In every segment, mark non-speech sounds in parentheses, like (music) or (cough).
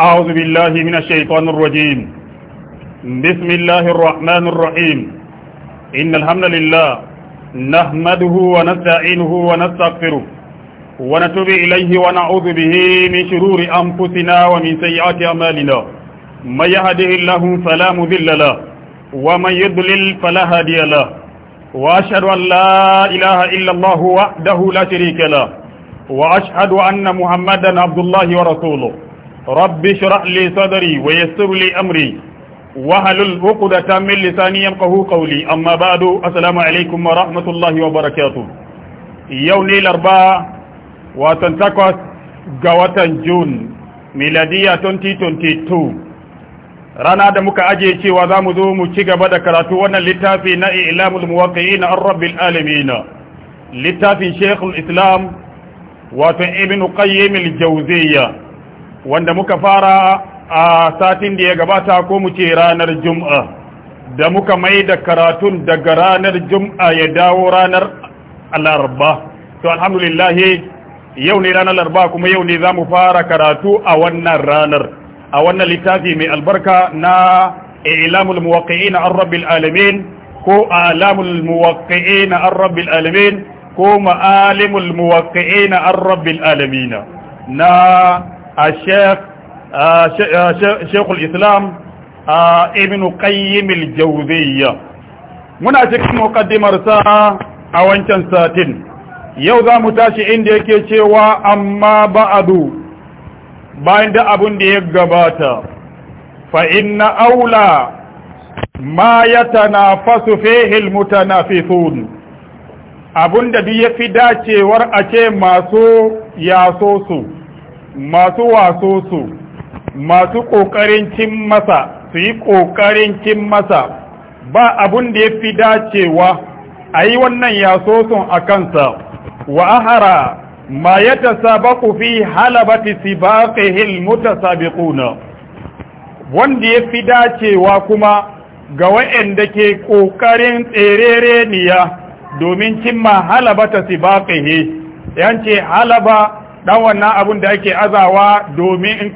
أعوذ بالله من الشيطان الرجيم بسم الله الرحمن الرحيم إن الحمد لله نحمده ونستعينه ونستغفره ونتوب إليه ونعوذ به من شرور أنفسنا ومن سيئات أمالنا من يهده الله فلا مذل له ومن يضلل فلا هادي له وأشهد أن لا إله إلا الله وحده لا شريك له وأشهد أن محمدا عبد الله ورسوله rabbi shirah li sadari wa yassir li amri wa halul uqdata min lisani yamqahu qawli amma ba'du assalamu alaykum wa rahmatullahi wa barakatuh yaw ni larba wa tantakwas gawatan jun miladiya 2022 rana da muka ajiye cewa za mu zo mu ci gaba da karatu wannan littafi na ilamul muwaqqi'in ar rabbil alamin littafin shaykhul islam wato ibn qayyim al wanda muka fara a satin da ya gabata ko mu ce ranar jum'a da muka mai da karatun daga ranar jum'a ya dawo ranar al'arba to alhamdulillah yau ne ranar al'arba kuma yau ne za mu fara karatu a wannan ranar a wannan littafi mai albarka na ilamul muwaqqi'in an rabbil alamin ko alamul muwaqqi'in an rabbil alamin ko ma'alimul muwaqqi'in an rabbil alamin na الشيخ شيخ الإسلام ابن قيم الجوزية muna cikin muqaddimarsa a wancan satin yau za mu tashi inda yake cewa amma ba'adu bayan da abun da ya gabata fa inna aula ma yatanafasu fihi almutanafisun abun da duk yafi dacewar a ce masu yaso masu waso su masu ƙoƙarin cin masa su yi ƙoƙarin cin masa ba abun da ya fi dacewa a yi wannan yasoson a kansa wa ahara ma ya ta sabaku fi halabati muta mutasabiquna wanda ya fi dacewa kuma ga wa'anda ke ƙoƙarin niya domin cimma halabata sibaqihi ce halaba dan wannan abun da ake azawa domin in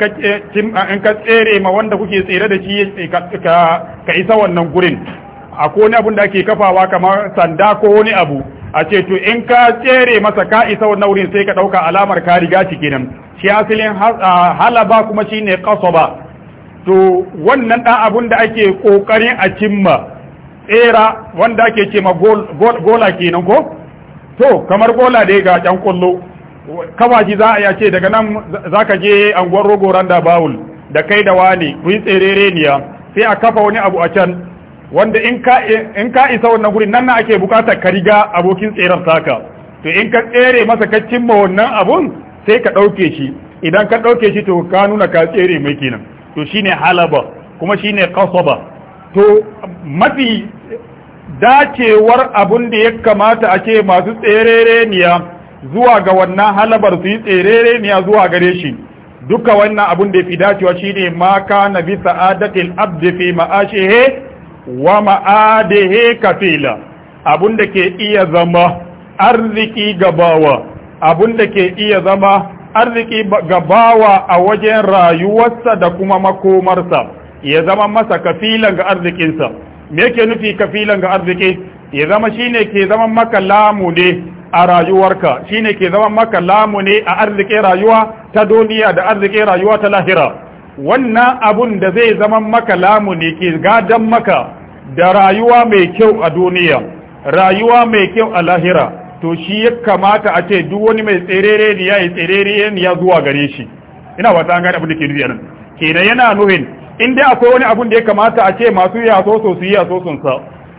ka tsere ma wanda kuke tsere da shi eh, ka isa wannan gurin akwai wani abun da ake kafawa kamar sanda ko wani abu a ce to in ka tsere masa ka isa wannan wurin sai ka dauka alamar ka riga shi kenan shi asalin halaba kuma shine qasaba to wannan dan abun da ake ƙoƙarin a cimma tsera wanda ake ce gola kenan ko to kamar gola dai ga ƴan ƙwallo kawaji za a yace daga nan za ka je anguwar rogoran da bawul da kai da wani ku yi tserere niya sai a kafa wani abu a can wanda in ka isa wannan guri nan na ake bukatar ka riga abokin tserar saka to in ka tsere masa ka cimma wannan abun sai ka ɗauke shi idan ka ɗauke shi to ka nuna ka tsere mai kenan to shine halaba kuma shine kasaba to mafi dacewar abun da ya kamata a ce masu niya zuwa ga wannan halabar su yi tserere ne zuwa gare shi duka wannan abun da ya fi dacewa shine ma na bi sa'adatil abdi fi ma'ashihi wa ma'adihi kafila abun da ke iya zama arziki gabawa abun da ke iya zama arziki gabawa a wajen rayuwarsa da kuma makomarsa ya zama masa kafilan ga arzikinsa me yake nufi kafilan ga arziki ya zama shine ke zama maka lamu ne a rayuwarka shi ne ke zama maka lamuni a arzikin rayuwa ta duniya da arzikin rayuwa ta lahira wannan abun da zai zama maka lamuni ke gadon maka da rayuwa mai kyau a duniya rayuwa mai kyau a lahira to shi ya kamata a ce duk wani mai tserere ne ya yi tserere ne ya zuwa gare shi ina wata an gani abin da ke nufi nan kenan yana nuhin in dai akwai wani abun da ya kamata a ce masu ya so su yi so sun sa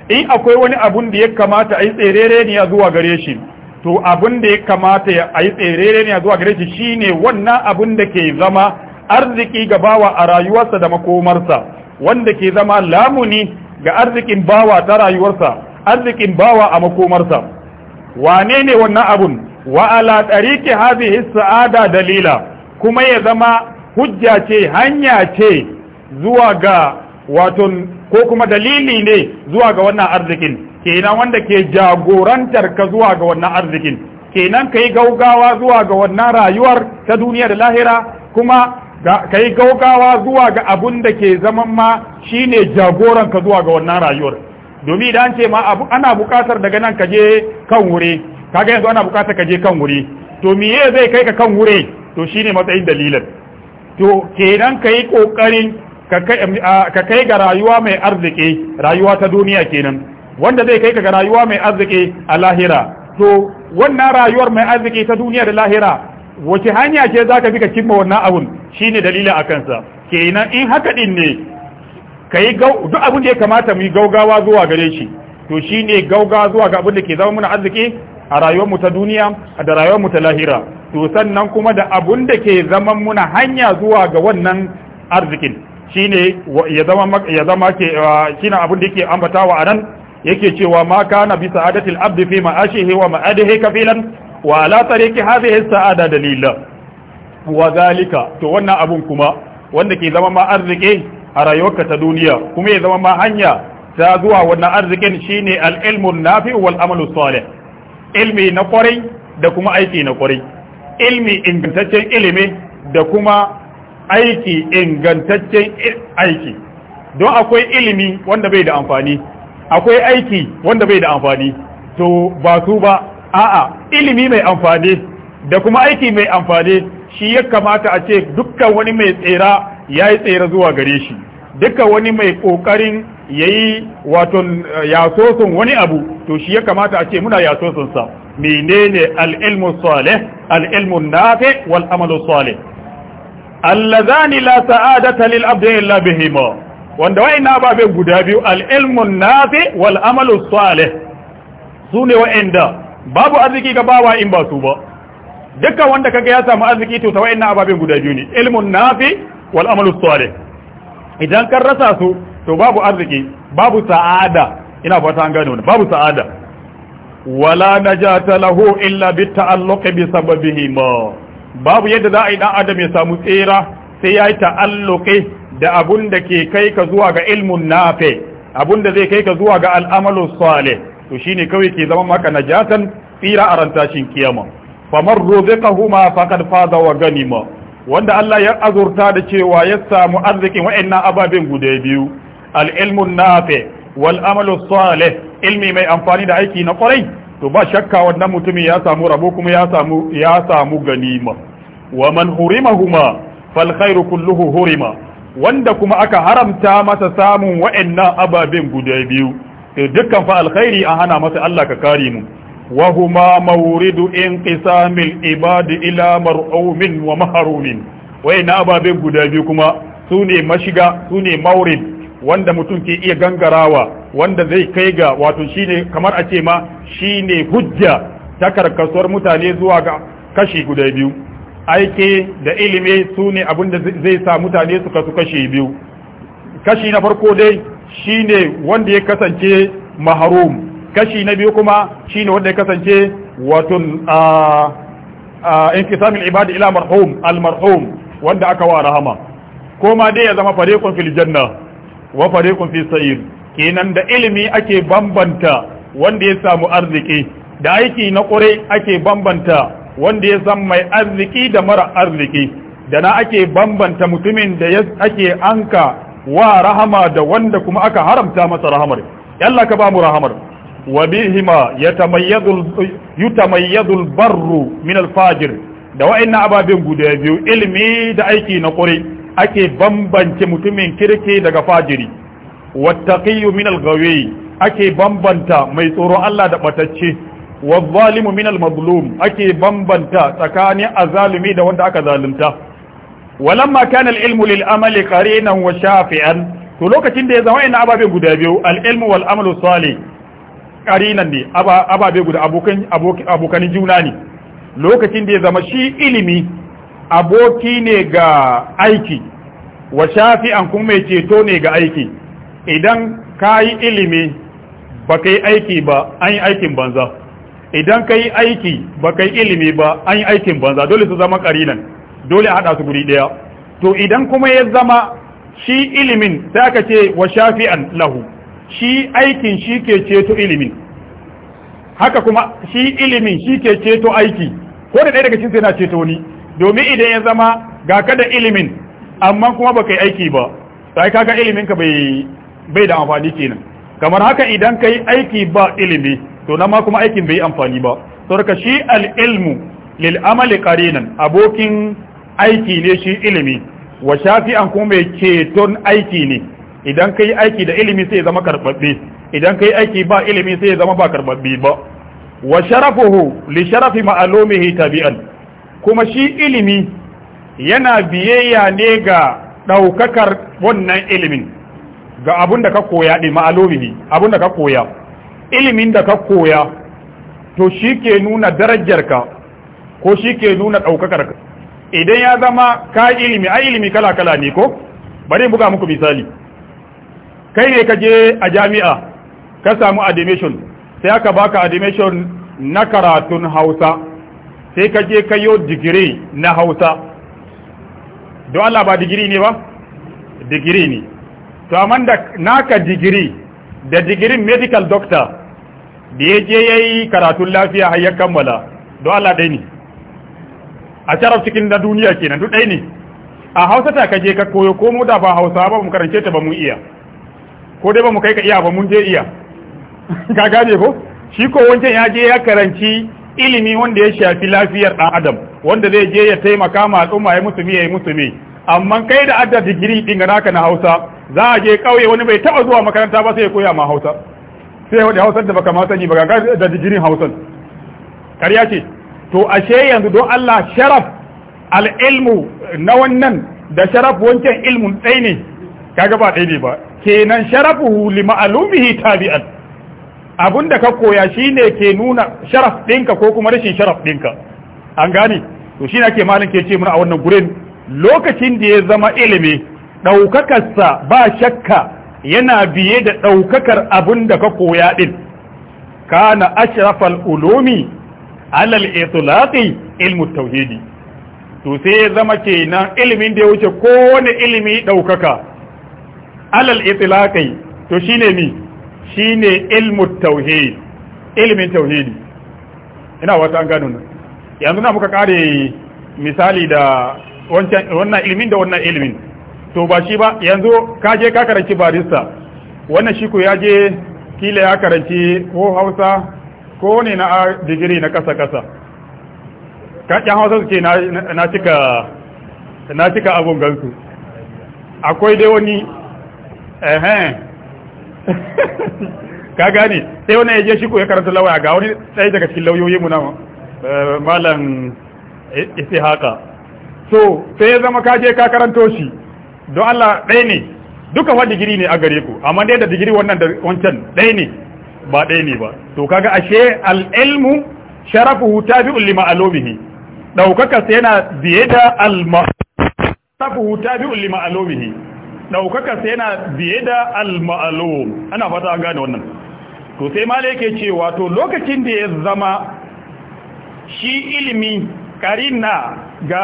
in akwai wani abun da ya kamata a yi tserere ne ya zuwa gare shi to abin da ya kamata ya yi tsere ne a zuwa gare shi shine wannan abin da ke zama arziki ga bawa a rayuwarsa da makomarsa wanda ke zama lamuni ga arzikin bawa ta rayuwarsa arzikin bawa a makomarsa wane ne wannan abun wa ala tariqi hadhihi sa'ada dalila kuma ya zama hujja ce hanya ce zuwa ga wato ko kuma dalili ne zuwa ga wannan arzikin kenan wanda ke jagorantar ka zuwa ga wannan arzikin kenan kai gaugawa zuwa ga wannan rayuwar ta duniya da lahira kuma kai gaugawa zuwa ga abun da ke zaman ma shine jagoran ka zuwa ga wannan rayuwar domin idan ce ma ana bukatar daga nan ka je kan wuri kaga yanzu ana bukatar ka je kan wuri to me ye zai kai ka kan wuri to shine matsayin dalilin to kenan kai kokarin ka kai ga rayuwa mai arziki rayuwa ta duniya kenan wanda zai kai ka ga rayuwa mai arziki a lahira to wannan rayuwar mai arziki ta duniya da lahira wace hanya ce zaka bi ka cimma wannan abun shine dalilin a kansa kenan in haka din ne kai duk abin da ya kamata mu yi gaugawa zuwa gare shi to shine gaugawa zuwa ga abin da ke zama mana arziki a rayuwar mu ta duniya da rayuwar mu ta lahira to sannan kuma da abun da ke zama muna hanya zuwa ga wannan arzikin shine ya zama ya zama ke uh, shine abun da yake ambatawa anan yake cewa ma kana bi sa'adatil abdi fi ma'ashihi wa ma'adihi kafilan wa ala tariqi hadhihi sa'ada dalila wa zalika to wannan abun kuma wanda ke zama ma arziki a rayuwarka ta duniya kuma ya zama ma hanya ta zuwa wannan arzikin shine al-ilmu nafi wal amalu salih ilmi na kwarai da kuma aiki na kwarai ilmi ingantaccen ilimi da kuma aiki ingantaccen aiki don akwai ilimi wanda bai da amfani akwai aiki wanda bai da amfani to ba su ba a'a ilimi mai amfani da kuma aiki mai amfani shi ya kamata a ce dukkan wani mai tsera ya yi tsere zuwa gare shi dukkan wani mai kokarin ya yi wato eh, yasosun wani abu to shi ya kamata a ce muna sa, menene al'ilmu salih al'ilmu nafe, wal amalu salih allazani la sa'adata lil abdi illa bihima wanda wa'annan ababe guda biyu al-ilmun nafi wal amalu salih sune wa'anda babu arziki ga bawa in ba su ba dukkan wanda kaga ya samu arziki to ta wa'annan ababe guda biyu ne ilmun nafi wal'amalu amalu idan kan rasa su to babu arziki babu sa'ada ina fata an gane babu sa'ada wala najata lahu illa bi ta'alluqi bi sababihi ma babu yadda za a yi dan adam ya samu tsira sai ya yi ta'alluqi da abun da ke kai ka zuwa ga ilmun nafe abun da zai kai ka zuwa ga al'amalu salih to shine kawai ke zama maka najatan tsira a rantashin kiyama famar ruziqahuma faqad faza wa ganima wanda Allah ya azurta da cewa ya samu arzikin wa'annan ababen guda biyu al-ilmun nafe wal amalu salih ilmi mai amfani da aiki na kwarai to ba shakka wannan mutumin ya samu rabo kuma ya samu ya samu ganima wa man hurimahuma fal khairu kulluhu hurima wanda kuma aka haramta masa samun wa'annan ababen guda biyu eh, dukkan fa alkhairi an hana masa Allah ka kare mu wa huma mawridu inqisamil ibad ila mar'umin wa mahrumin wa'annan ababen guda biyu kuma sune mashiga sune mawrid wanda mutum ke iya gangarawa wanda zai kai ga wato shine kamar a ce ma shine hujja ta karkasuwar mutane zuwa ga kashi guda biyu aiki da ilimi su ne abinda zai sa mutane suka su kashe biyu kashi na farko dai shi ne wanda ya kasance maharum kashi na biyu kuma shi ne wanda ya kasance wato inqisam samun ibadi ila marhum al-marhum wanda aka wa rahama koma dai ya zama farekun fil janna wa farekun fi sa'ir kenan da ilimi ake bambanta wanda ya samu arziki da aiki na ƙure ake bambanta wanda ya san mai arziki da mara arziki da na ake bambanta mutumin da ake anka wa rahama da wanda kuma aka haramta masa rahamar yalla ka ba mu rahamar wa bihima yatamayyadul yutamayyadul barru min al-fajir da wa'inna ababen guda biyu ilmi da aiki na ƙure ake bambance mutumin kirki daga fajiri wattaqiyyu min al ake bambanta mai tsoro Allah da batacce wazalimu minal mazlum ake bambanta tsakanin azalimi da wanda aka zalunta walamma kana alilmu lil amali wa shafi'an to lokacin da ya zama ina ababe guda biyu alilmu wal amalu salih qarinan ne ababe guda abokan juna ne lokacin da ya zama shi ilimi aboki ne ga aiki wa shafi'an kuma mai ceto ne ga aiki idan kayi ilimi ba kai aiki ba an yi aikin banza idan ka yi aiki ba ka yi ilimi ba an yi aikin banza dole su zama karinan dole a haɗa su guri ɗaya to idan kuma ya zama shi ilimin sai aka ce wa shafi'an lahu shi aikin shi ke ceto ilimin haka kuma shi ilimin shi ke ceto aiki ko da ɗaya daga cikin sai na ceto ni domin idan ya zama ga kada da ilimin amma kuma ka yi aiki ba sai kaga ilimin ka bai bai da amfani kenan kamar haka idan ka yi aiki ba ilimi to na ma kuma aikin bai amfani ba ka shi al-ilmu lil amali qarinan abokin aiki ne shi ilimi wa an kuma mai ceton aiki ne idan kai aiki da ilimi sai ya zama karbabbe idan kai aiki ba ilimi sai ya zama ba karbabbe ba wa sharafuhu li sharafi ma'alumihi tabi'an kuma shi ilimi yana biyayya ne ga daukakar wannan ilimin ga abin da ka koya din ma'alumihi da ka koya ilimin da ka koya to shi ke nuna darajarka ko shi ke nuna ɗaukakar idan ya zama ka ilimi ai ilimi kala-kala ne ko bari buga muku misali kai ne ka je a jami'a ka samu admission sai aka baka admission na karatun hausa sai ka je ka yi digiri na hausa don Allah ba digiri ne ba digiri ne to amma da naka digiri da digirin medical doctor da ya je ya yi karatun lafiya har ya kammala don Allah ɗai ne a sharaf cikin na duniya kenan duk ɗai ne a hausa ta kaje ka koyo ko mu da ba hausa ba mu karance ta ba mu iya ko dai ba mu kai ka iya ba mun je iya (laughs) ka gane ko shi ko wancan ya je ya karanci ilimi wanda ya shafi lafiyar ɗan adam wanda zai je ya taimaka ma al'umma ya musulmi ya yi musulmi amma kai da adda digiri ɗin naka na hausa za a je ƙauye wani bai taɓa zuwa makaranta ba sai ya koya ma hausa sai wadda hausar da baka ma sani ba ga da digirin hausar ƙarya ce to ashe yanzu don Allah sharaf al'ilmu na wannan da sharaf wancan ilmun ɗai ne kaga ba ɗai ne ba kenan sharafu li ma'alumihi tabi'an da ka koya shine ke nuna sharaf ɗinka ko kuma rashin sharaf ɗinka an gane to shi ake malin ke ce muna a wannan gurin lokacin da ya zama ilimi ɗaukakarsa ba shakka yana biye da ɗaukakar abin da ka koya ɗin kana ashrafal ulumi alal itlaqi ilmu tauhidi to sai ya zama kenan ilimin da ya wuce kowane ilimi ɗaukaka alal itlaqi to shine ni shine ilmu tauhid ilimin tauhidi ina wata an gano nan yanzu na muka kare misali da wannan ilimin da wannan ilimin to ba shi ba yanzu ka je ka karanci barista wannan shi ku ya je kila ya karanci ko hausa ko ne na digiri na kasa kasa kaɗin hausa suke na cika na cika abun gansu akwai dai wani ehen (laughs) ka gane sai wani ya je shi ku ya karanta lawaya ga wani ɗaya daga cikin lauyoyi mu na eh, malam isi haka so sai ya zama ka je ka karanto shi don Allah ɗaya ne duka wa digiri ne a gare ku amma dai da digiri wannan da wancan ɗaya ne ba ɗaya ne ba to kaga ashe al-ilmu sharafuhu tabi'un lima alomihi daukaka sai yana biye da al-ma sharafuhu tabi'un lima alomihi daukaka sai yana biye da al-ma'alum ana fata an gane wannan to sai mala yake cewa to lokacin da ya zama shi ilimi karina ga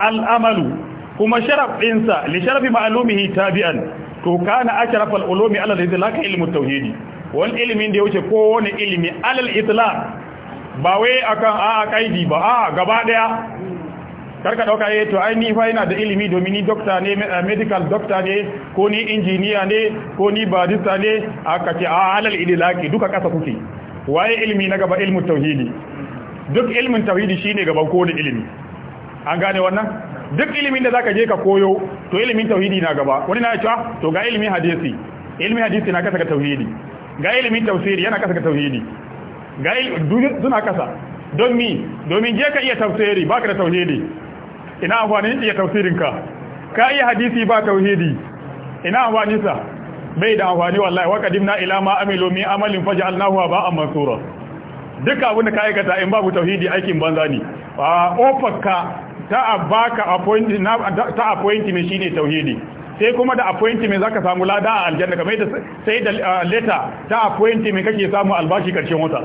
al'amalu kuma sharaf ɗinsa li sharafi ma'alumihi tabi'an to kana ashrafal ulumi alal idlaq ilmu tauhidi wal ilmin da yake ko wani ilmi alal itlaq ba wai akan a kaidi ba a gaba daya karka dauka eh to ai ni fa ina da ilimi domin ni doctor ne eh, medical doctor ne ko ni engineer ne ko ni barista ne aka ce a alal idlaqi duka kasa kuke waye ilmi na gaba ilmu tauhidi duk ilmin tauhidi shine gaban kowane ilimi an gane wannan duk ilimin da zaka je ka koyo to ilimin tauhidi na gaba wani na cewa to ga ilimin hadisi ilimin hadisi na kasa ga tauhidi ga ilimin tafsiri yana kasa ga tauhidi ga suna kasa don mi domin je ka iya tafsiri baka da tauhidi ina amfani iya tafsirin ka ka iya hadisi ba tauhidi ina amfani sa bai da amfani wallahi wa qadimna ila ma amilu min amalin faj'alnahu ba mansura duka abin da ka aikata in babu tauhidi aikin banza ne a ofarka ta baka appointment ta appointment shine tauhidi sai kuma da appointment zaka samu lada a aljanna kamar da sai da uh, letter ta appointment kake samu albashi karshen wata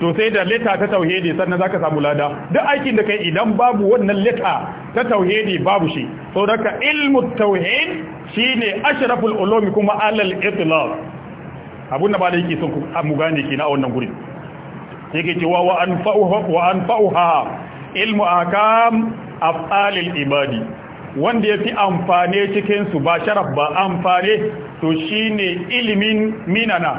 to sai da letter ta tauhidi sannan zaka samu lada duk aikin da kai idan babu wannan letter ta tauhidi babu shi daga ilmu tauhid shine ashraful ulum kuma alal itlaq abun da ba da yake son ku mu gane kina a wannan gurin yake cewa wa anfa'uha wa anfa'uha ilmu akam af'alil ibadi wanda yafi amfane cikin su ba sharaf ba amfane to shine ilimin minana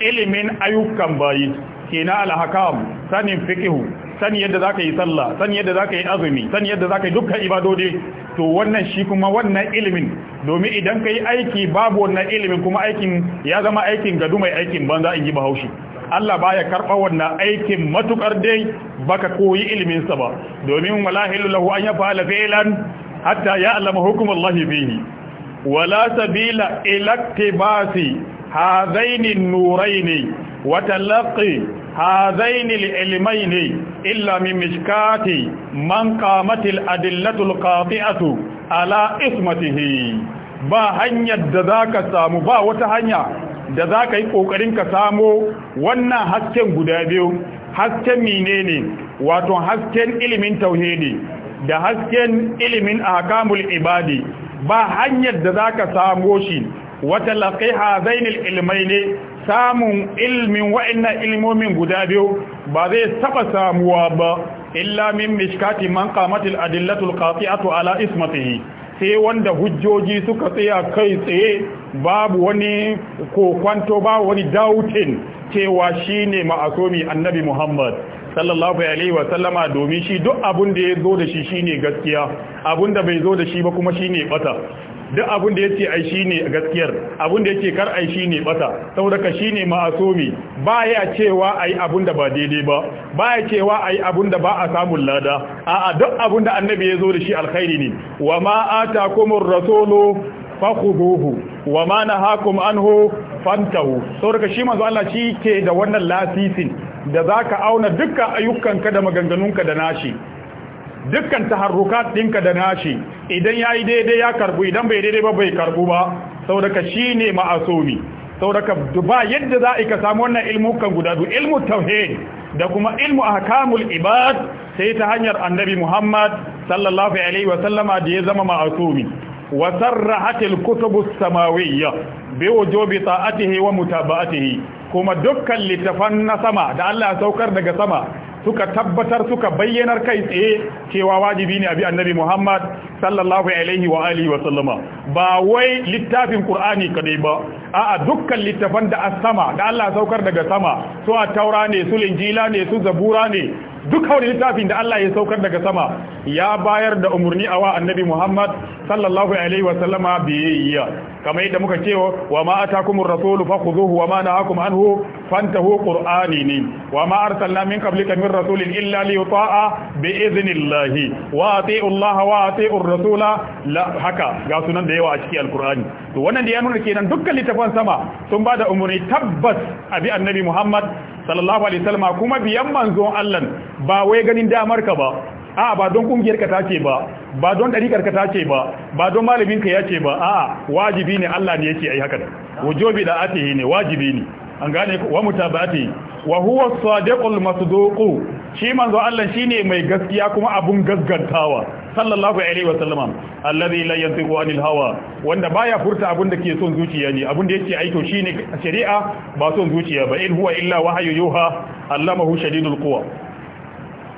ilimin ayyukan bayi ke na alhakam sanin fikihu sani yadda za ka yi sallah sani yadda za ka yi azumi sani yadda za ka yi dukkan ibadodi to wannan shi kuma wannan ilimin domin idan ka yi aiki babu wannan ilimin kuma aikin ya zama aikin gadu mai aikin banza in yi bahaushe Allah baya karɓa wannan aikin matukar dai baka koyi iliminsa ba domin walahilu lahu an yafa'ala fi'lan hatta alama hukumar Allah fihi wala sabila ila iktibasi hadain an-nurayn wa talaqi hadain al-ilmayn illa min mishkati man qamat al qatiatu ala ismatihi ba hanyar da zaka samu ba wata hanya da za ka yi ƙoƙarin ka samo wannan hasken guda biyu hasken menene wato hasken ilimin tauhidi da hasken ilimin ahkamul ibadi ba hanyar da za ka samo shi wata laqiha zainul ilmai ne samun ilmin wa'annan ilmomin guda biyu ba zai taɓa samuwa ba illa min mishkati man qamatil adillatul qati'atu ala ismatihi sai wanda hujjoji suka tsaya kai tsaye babu wani kwanto babu wani dautin cewa shine ma'asomi annabi Muhammad sallallahu alaihi wa domin shi duk abun da ya zo da shi shine gaskiya abun da bai zo da shi ba kuma shine bata duk abin da yace ai shine gaskiyar abin da ce kar ai shine bata saboda ka shine ma'asumi ya cewa ai abin da ba daidai ba ba ya cewa ai abin da ba a samun lada a'a duk abin da annabi ya zo da shi alkhairi ne wa ma atakumur rasulu fakhuduhu wa ma nahakum anhu fantahu saboda shi manzo Allah shi ke da wannan lasisin da zaka auna dukkan ayyukanka da maganganunka da nashi dukkan taharrukat ɗinka da nashi idan ya yi daidai ya karbu idan bai daidai ba bai karbu ba sau daga shi ne ma'asomi sau daga ba yadda za a ka samu wannan ilmukan guda duk ilmu tauhid da kuma ilmu ahkamul ibad sai ta hanyar annabi muhammad sallallahu alaihi wa sallama da ya zama ma'asomi wa sarrahatil kutubus samawiyya bi wujubi ta'atihi wa mutaba'atihi kuma dukkan littafan na sama da Allah ya saukar daga sama suka tabbatar suka bayyanar kai tsaye cewa wajibi ne abi annabi Muhammad sallallahu alaihi wa alihi wa sallama ba wai littafin Qur'ani kadai ba a'a dukkan littafan da as-sama da Allah saukar daga sama su a taura ne su injila ne su zabura ne duk wani littafin da Allah ya saukar daga sama ya bayar da umurni awa annabi Muhammad sallallahu alaihi wa sallama biyayya kamar yadda muka cewa wa ma atakumur rasulu fakhuzuhu wa ma nahakum anhu fantahu qur'ani ne wa ma arsalna min qablika min rasulin illa li yuta'a bi idhnillah wa ati'u Allah rasula haka ga sunan da yawa a cikin alqur'ani to wannan da ya nuna kenan dukkan littafan sama sun ba da umarni tabbas abi annabi Muhammad sallallahu alaihi wasallam kuma biyar manzon Allah ba wai ganin damar ka ba a ba don kungiyar ka tace ba ba don ɗarikar ka tace ba ba don malamin ka yace ba a wajibi ne Allah ne yake ai haka da wajibi wajibi ne an gane wa mutabati wa huwa sadiqul masduqu shi manzo Allah shine mai gaskiya kuma abun gaskantawa sallallahu alaihi wa sallam alladhi la yantiqu anil hawa wanda baya furta abun da ke son zuciya ne abun da yake aiko shine shari'a ba son zuciya ba in huwa illa wahyu yuha allamahu shadidul quwa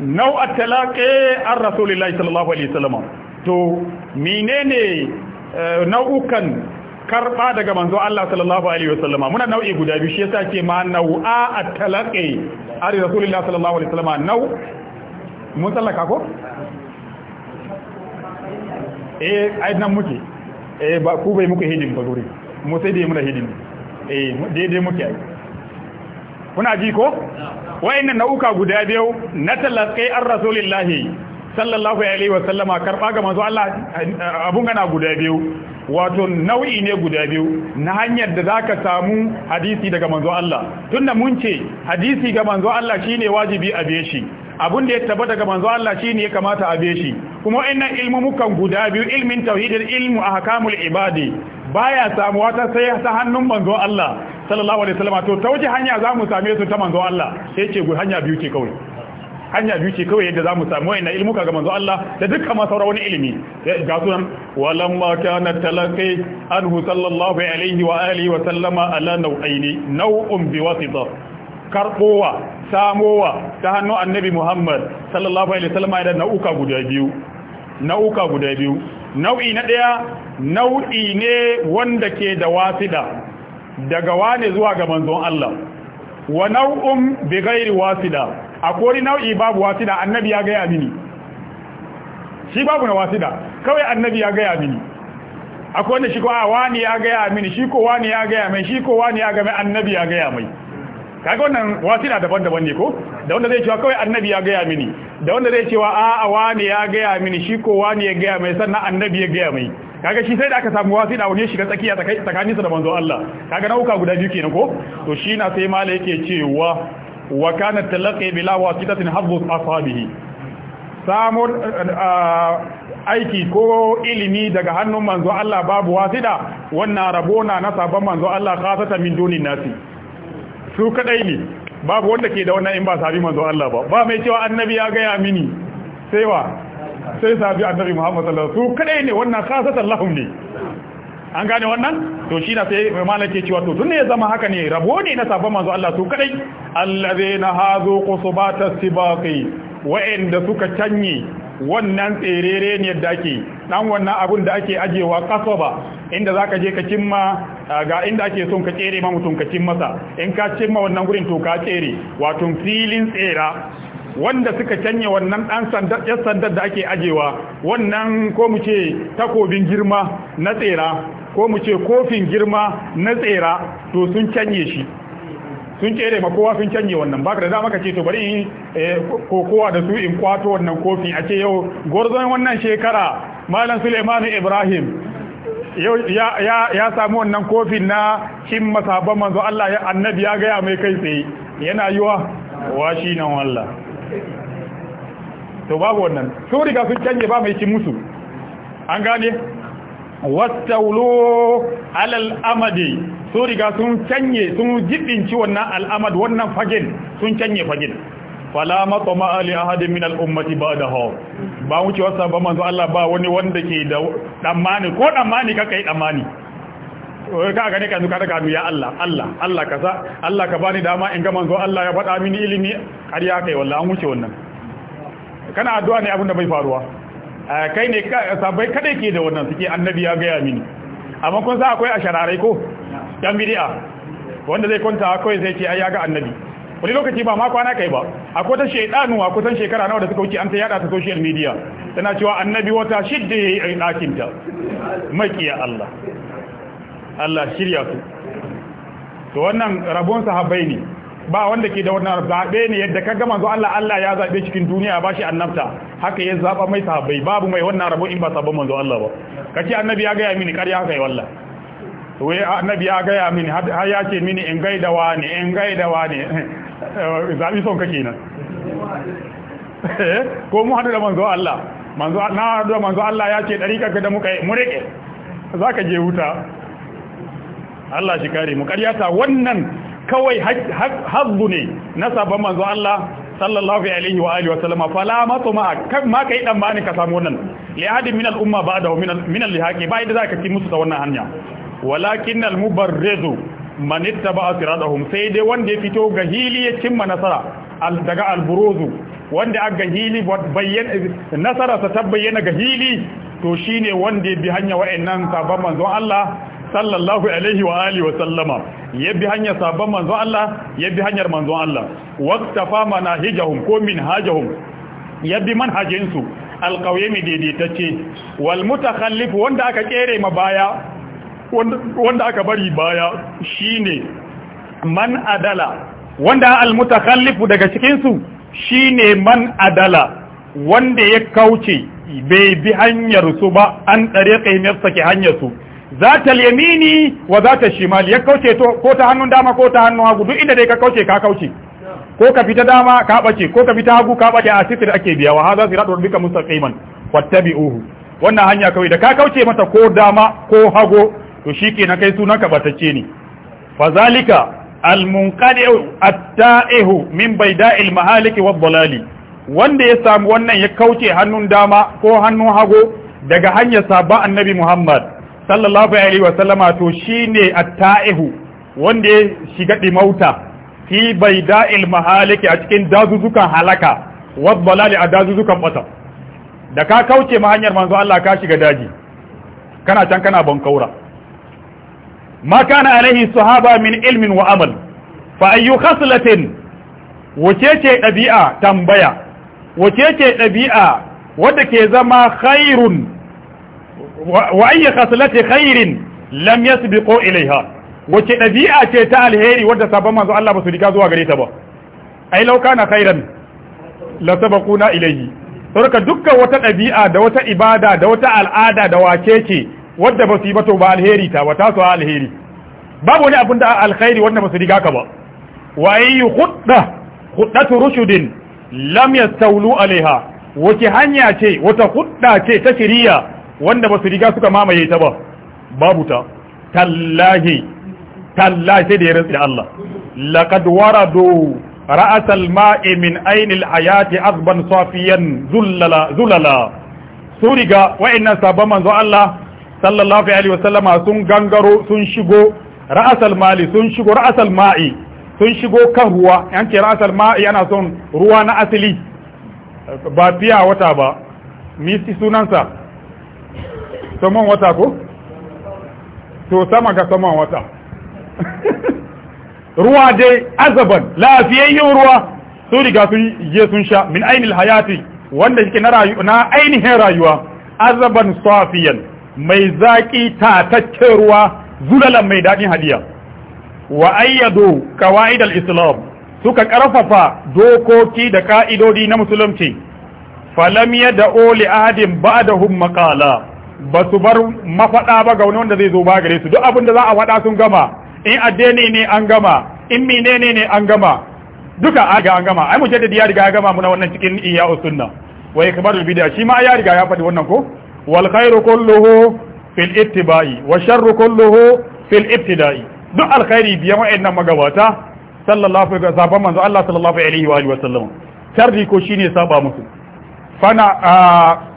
nau at-talaqi ar-rasulillahi sallallahu alaihi wa sallam to menene eh, nau'ukan karba daga manzo Allah sallallahu alaihi wasallama muna nau'i guda biyu shi yasa ce ma nau'a at-talaqi ari rasulullah sallallahu alaihi Sallama nau mun tsallaka ko eh ai nan muke eh ba ku bai muku hidin ba gure mu sai dai muna hidin eh daidai muke ai kuna ji ko wa'annan nau'uka guda biyu na talaqi ar rasulillahi sallallahu alaihi wa sallama karba ga manzo Allah abun gana guda biyu wato nau'i ne guda biyu na hanyar da zaka samu hadisi daga manzo Allah tunda mun ce hadisi ga manzo Allah shine wajibi a be shi abun da ya tabbata daga manzo Allah shine ya kamata a be shi kuma ilmu mukan guda biyu ilmin tauhidil ilmu ahkamul ibadi baya samuwa ta sai ta hannun manzo Allah sallallahu alaihi sallama to ta wuce hanya zamu same su ta manzo Allah sai ce hanya biyu ce kawai hanya biyu ce kawai yadda za mu samu wa'ina ilmuka ga manzo Allah da duka ma saura wani ilimi ga sunan walamma kana talaqi anhu sallallahu alaihi wa alihi wa sallama ala nau'aini nau'un bi wasita karbowa samowa ta hannu annabi Muhammad sallallahu alaihi wa sallama da nau'uka guda biyu nau'uka guda biyu nau'i na daya nau'i ne wanda ke da wasida daga wane zuwa ga manzon Allah wa nau'un bi ghairi wasida akwai nau'i babu wasida annabi ya gaya mini shi babu na wasida kawai annabi ya gaya mini akwai wanda shi ko wani ya gaya mini shi ko wani ya gaya mai shi ko wani ya gaya mai annabi ya gaya mai kaga wannan wasida daban-daban ne ko da wanda zai cewa kawai annabi ya gaya mini da wanda zai cewa a'a wani ya gaya mini shi ko wani ya gaya mai sannan annabi ya gaya mai kaga shi sai da aka samu wasida wani shiga tsakiya tsakaninsa da manzo Allah kaga nauka guda biyu kenan ko to shi na sai mala yake cewa wa kana talaqi bila wasitatin hadhu asabihi samun aiki ko ilimi daga hannun manzo Allah babu wasida wannan rabona na sabon manzo Allah khasata min dunin nasi su kadai ne babu wanda ke da wannan in ba sabi manzo Allah ba ba mai cewa annabi ya gaya mini sai wa sai sabi annabi Muhammad sallallahu alaihi wasallam su kadai ne wannan khasatan lahum ne an gane wannan to shi na sai mai ke cewa to tun ne ya zama haka ne rabo ne na sabon manzo Allah su kadai allazina hazu qusbata sibaqi wa'anda suka canye wannan tserere ne da ake dan wannan abun da ake ajewa kasaba inda zaka je ka cimma ga inda ake son ka tsere ma mutum ka cimma sa in ka cimma wannan gurin to ka tsere wato filin tsera wanda suka canye wannan dan sandar yan sandar da ake ajewa wannan ko mu ce takobin girma na tsera ko mu ce kofin girma na tsera to sun canye shi sun tsere ma kowa sun canye wannan baka da dama ce to bari in eh, kokowa da su in kwato wannan kofin a ce yau gwarzon wannan shekara malam Suleiman Ibrahim yau ya samu wannan kofin na cin masaban manzo Allah ya annabi ya gaya mai kai tsaye yana yiwa washi nan wallah to babu wannan sun riga sun canje ba mai ci musu an gane wastaulo alal amadi sun riga sun canye sun jibinci wannan al'amad wannan fagen sun canye fagen fala maqama ali ahadin min al-ummati ba'dahu ba wuce wasa ba manzo Allah ba wani wanda ke da damani ko damani kaka yi damani ka gane ka zuka daga ya Allah Allah Allah kaza Allah ka bani dama in ga manzo Allah ya faɗa mini ilimi ƙarya kai wallahi an wuce wannan kana addu'a ne abinda da bai faruwa Eh, kai ne sabai kada ke da wannan suke annabi ya gaya mini amma kun sa akwai a shararai ko dan bid'a wanda zai kwanta akwai zai ce ai ya ga annabi wani lokaci ba ma kwana kai ba akwai ta shaidanu a kusan shekara nawa da suka wuce an ta yada ta social media tana cewa annabi wata shidda yayi a dakin ta makiya Allah Allah shirya su to wannan rabon sahabbai ne ba wanda ke da wannan zaɓe ne yadda ka gama zo Allah Allah ya zaɓe cikin duniya ba shi annabta haka ya zaɓa mai sahabbai babu mai wannan rabo in ba sabon manzo Allah ba kace annabi ya gaya mini ƙarya haka yi wallah to wai annabi ya gaya mini har ya ce mini in gaida wa ne in gaida wa ne (laughs) zaɓi son kake nan (laughs) eh? ko mu haɗu da manzo Allah manzo na haɗu da manzo Allah ya ce ɗariƙa ka da muka yi mu riƙe za ka je wuta Allah shi kare mu ta wannan kawai hazzu ne na sabon manzo Allah sallallahu alaihi wa alihi wa sallama fala mato ma kan ma kai dan bani ka samu wannan li ahadin min al umma ba'dahu min min al lihaqi bai da zaka ci musu da wannan hanya walakin al mubarrizu man ittaba siradahum sai dai wanda ya fito ga hili ya cimma nasara al daga al buruzu wanda a ga hili bayyana nasara ta bayyana ga hili to shine wanda ya bi hanya wa'annan sabon manzon Allah sallallahu alaihi wa alihi wa sallama yabi hanyar sabon manzon Allah yabi hanyar manzon Allah waqtafa manahijahum ko minhajahum yabi manhajinsu alqawimi daidaitacce wal mutakhallif wanda aka kere ma baya wanda aka bari baya shine man adala wanda al mutakhallifu daga cikin su shine man adala wanda ya kauce bai bi hanyar su ba an ɗare ƙainar sake hanyar su zata ta yamini wa za shimali ya kauce ko ta hannun dama ko ta hannun hagu duk inda dai ka kauce ka kauce ko ka fita dama ka bace ko ka fita hagu ka bace a sitir ake biya wa hadha siratu rabbika mustaqiman wattabi'uhu wannan hanya kawai da ka kauce mata ko dama ko hago to shikenan kai sunan ka batacce ne fa zalika almunqadi'u at-ta'ihu min bayda'il mahaliki wad-dalali wanda ya samu wannan ya kauce hannun dama ko hannun hago daga hanyar sabon annabi Muhammad sallallahu alaihi wa sallama to shine at-ta'ihu wanda ya shiga dimauta fi baida'il mahaliki a cikin dazuzukan halaka wadbalali a dazuzukan bata da ka kauce ma hanyar manzo Allah ka shiga daji kana can kana bankaura ma kana alaihi sahaba min ilmin wa amal fa ayyu khaslatin wacece dabi'a tambaya Wacece ɗabi'a dabi'a wadda ke zama khairun wa ayyi khaslati khairin lam yasbiqu ilaiha wace dabi'a ce ta alheri wadda sabon manzo Allah ba su riga zuwa gare ta ba ai law kana khairan la sabaquna ilaihi saboda dukkan wata dabi'a da wata ibada da wata al'ada da wace ce wadda ba su yi ba to ba alheri ta ba ta su alheri babu wani abin da alkhairi wanda ba su riga ka ba wa ayyi khudda khuddatu rushudin lam yastawlu alaiha wace hanya ce wata huɗɗa ce ta shiriya wanda ba su riga suka mamaye ta ba babu ta tallahi tallahi sai da ya rantsi da Allah laqad waradu ra'as al-ma'i min ayni al-hayati azban safiyan zulala zulala su riga wa'annan sabon manzo Allah sallallahu alaihi wa sallama sun gangaro sun shigo ra'as al-mali sun shigo ra'as al-ma'i sun shigo kan ruwa yanke ce ra'as al-ma'i ana son ruwa na asili ba fiya wata ba misti sunansa saman wata ko? to sama ga saman wata (laughs) ruwa dai azaban lafiyayyen ruwa su riga sun je sun sha min ainihin hayati wanda yake na ainihin rayuwa azaban safiyan mai zaƙi tataccen ruwa zulalan mai daɗin hadiya wa ayyado kawa'idal islam suka ƙarfafa dokoki da ka'idodi na musulunci falam adin ba da hun maqala ba su bar mafaɗa ba ga wani wanda zai zo ba gare su duk abin da za a faɗa sun gama in addini ne an gama in menene ne an gama duka a ga an gama ai mu mujaddidi ya riga ya gama muna wannan cikin iya sunna wa ikbarul bid'a shi ma ya riga ya faɗi wannan ko wal khairu kulluhu fil ittiba'i wa sharru kulluhu fil ibtida'i duk alkhairi biya wa'annan magabata sallallahu alaihi wasallam manzo Allah sallallahu alaihi wa alihi sallam sharri ko shine saba musu fana ah,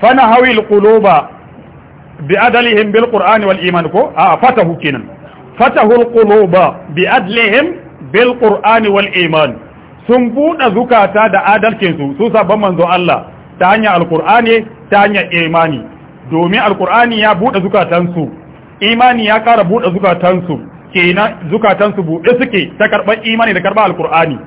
fana hawil quluba bi adalihim bil qur'ani wal iman ko a fatahu kenan fatahu al quluba bi adlihim bil qur'ani wal iman sun buɗe zukata da adalcinsu su sabon manzon Allah ta al alkur'ani ta hanyar imani domin alkur'ani ya buɗe zukatansu imani ya ƙara buɗe zukatansu kenan zukatansu buɗe suke ta karɓar imani da karɓar alkur'ani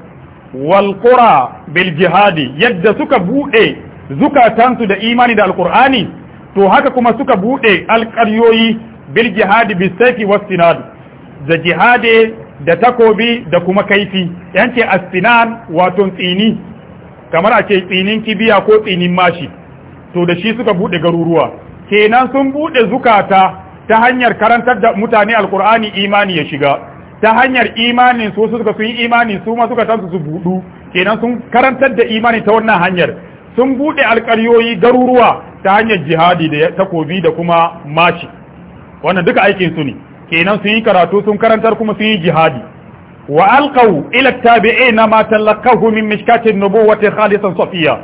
wal qura bil jihadi yadda suka buɗe zukatansu da imani da alkur'ani to haka kuma suka buɗe alƙaryoyi bil jihadi bi saifi was sinad da jihadi da takobi da kuma kaifi yance as-sinan wato tsini kamar a ce tsinin kibiya ko tsinin mashi to da shi suka buɗe garuruwa kenan sun buɗe zukata ta hanyar karantar da mutane alkur'ani imani ya shiga ta hanyar imanin su suka su yi imani su ma suka tansu su buɗu kenan sun karantar da imani ta wannan hanyar sun buɗe alƙaryoyi garuruwa ta hanyar jihadi da takobi da kuma mashi wannan duka aikin su ne kenan sun yi karatu sun karantar kuma sun yi jihadi wa alqaw ila na ma talaqahu min mishkatin nubuwati khalisan safiya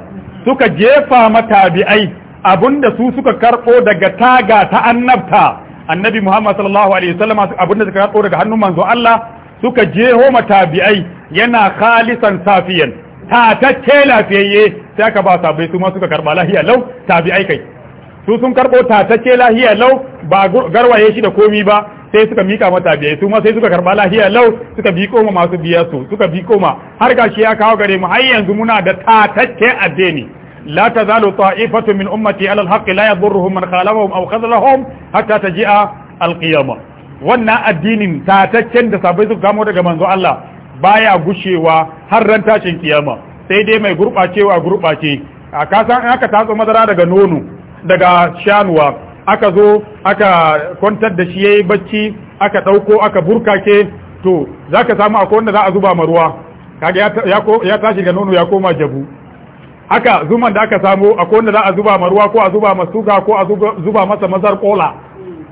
suka jefa matabi'ai abinda su suka karbo daga taga ta annabta annabi Muhammad sallallahu alaihi wasallam abinda suka karbo daga hannun manzo Allah suka jeho matabi'ai yana khalisan safiyan tatacce lafiyayye sai aka ba sabai su ma suka karba lahiya lau tabi'ai kai su sun karbo tatacce lahiya lau ba garwaye shi da komi ba sai suka mika mata biyai su ma sai suka karba lahiya lau suka bi koma masu biya su suka bi koma har gashi ya kawo gare mu har yanzu muna da tatacce addini لا تزال طائفة من أمتي على الحق لا يضرهم من خالفهم أو خذلهم حتى تجيء القيامة wannan addinin tataccen da sabai suka kamo daga manzo Allah baya gushewa har ran tashin kiyama sai dai mai gurbacewa gurɓace a kasan aka tatso madara daga nono daga shanuwa aka zo aka kwantar da shi yayi bacci aka ɗauko aka burkake to zaka samu akwai wanda za a zuba ma ruwa kaga ya tashi daga nono ya koma jabu haka zuman da aka samu akwai wanda za a zuba ma ruwa ko a zuba ma suka, ko a zuba masa mazar kola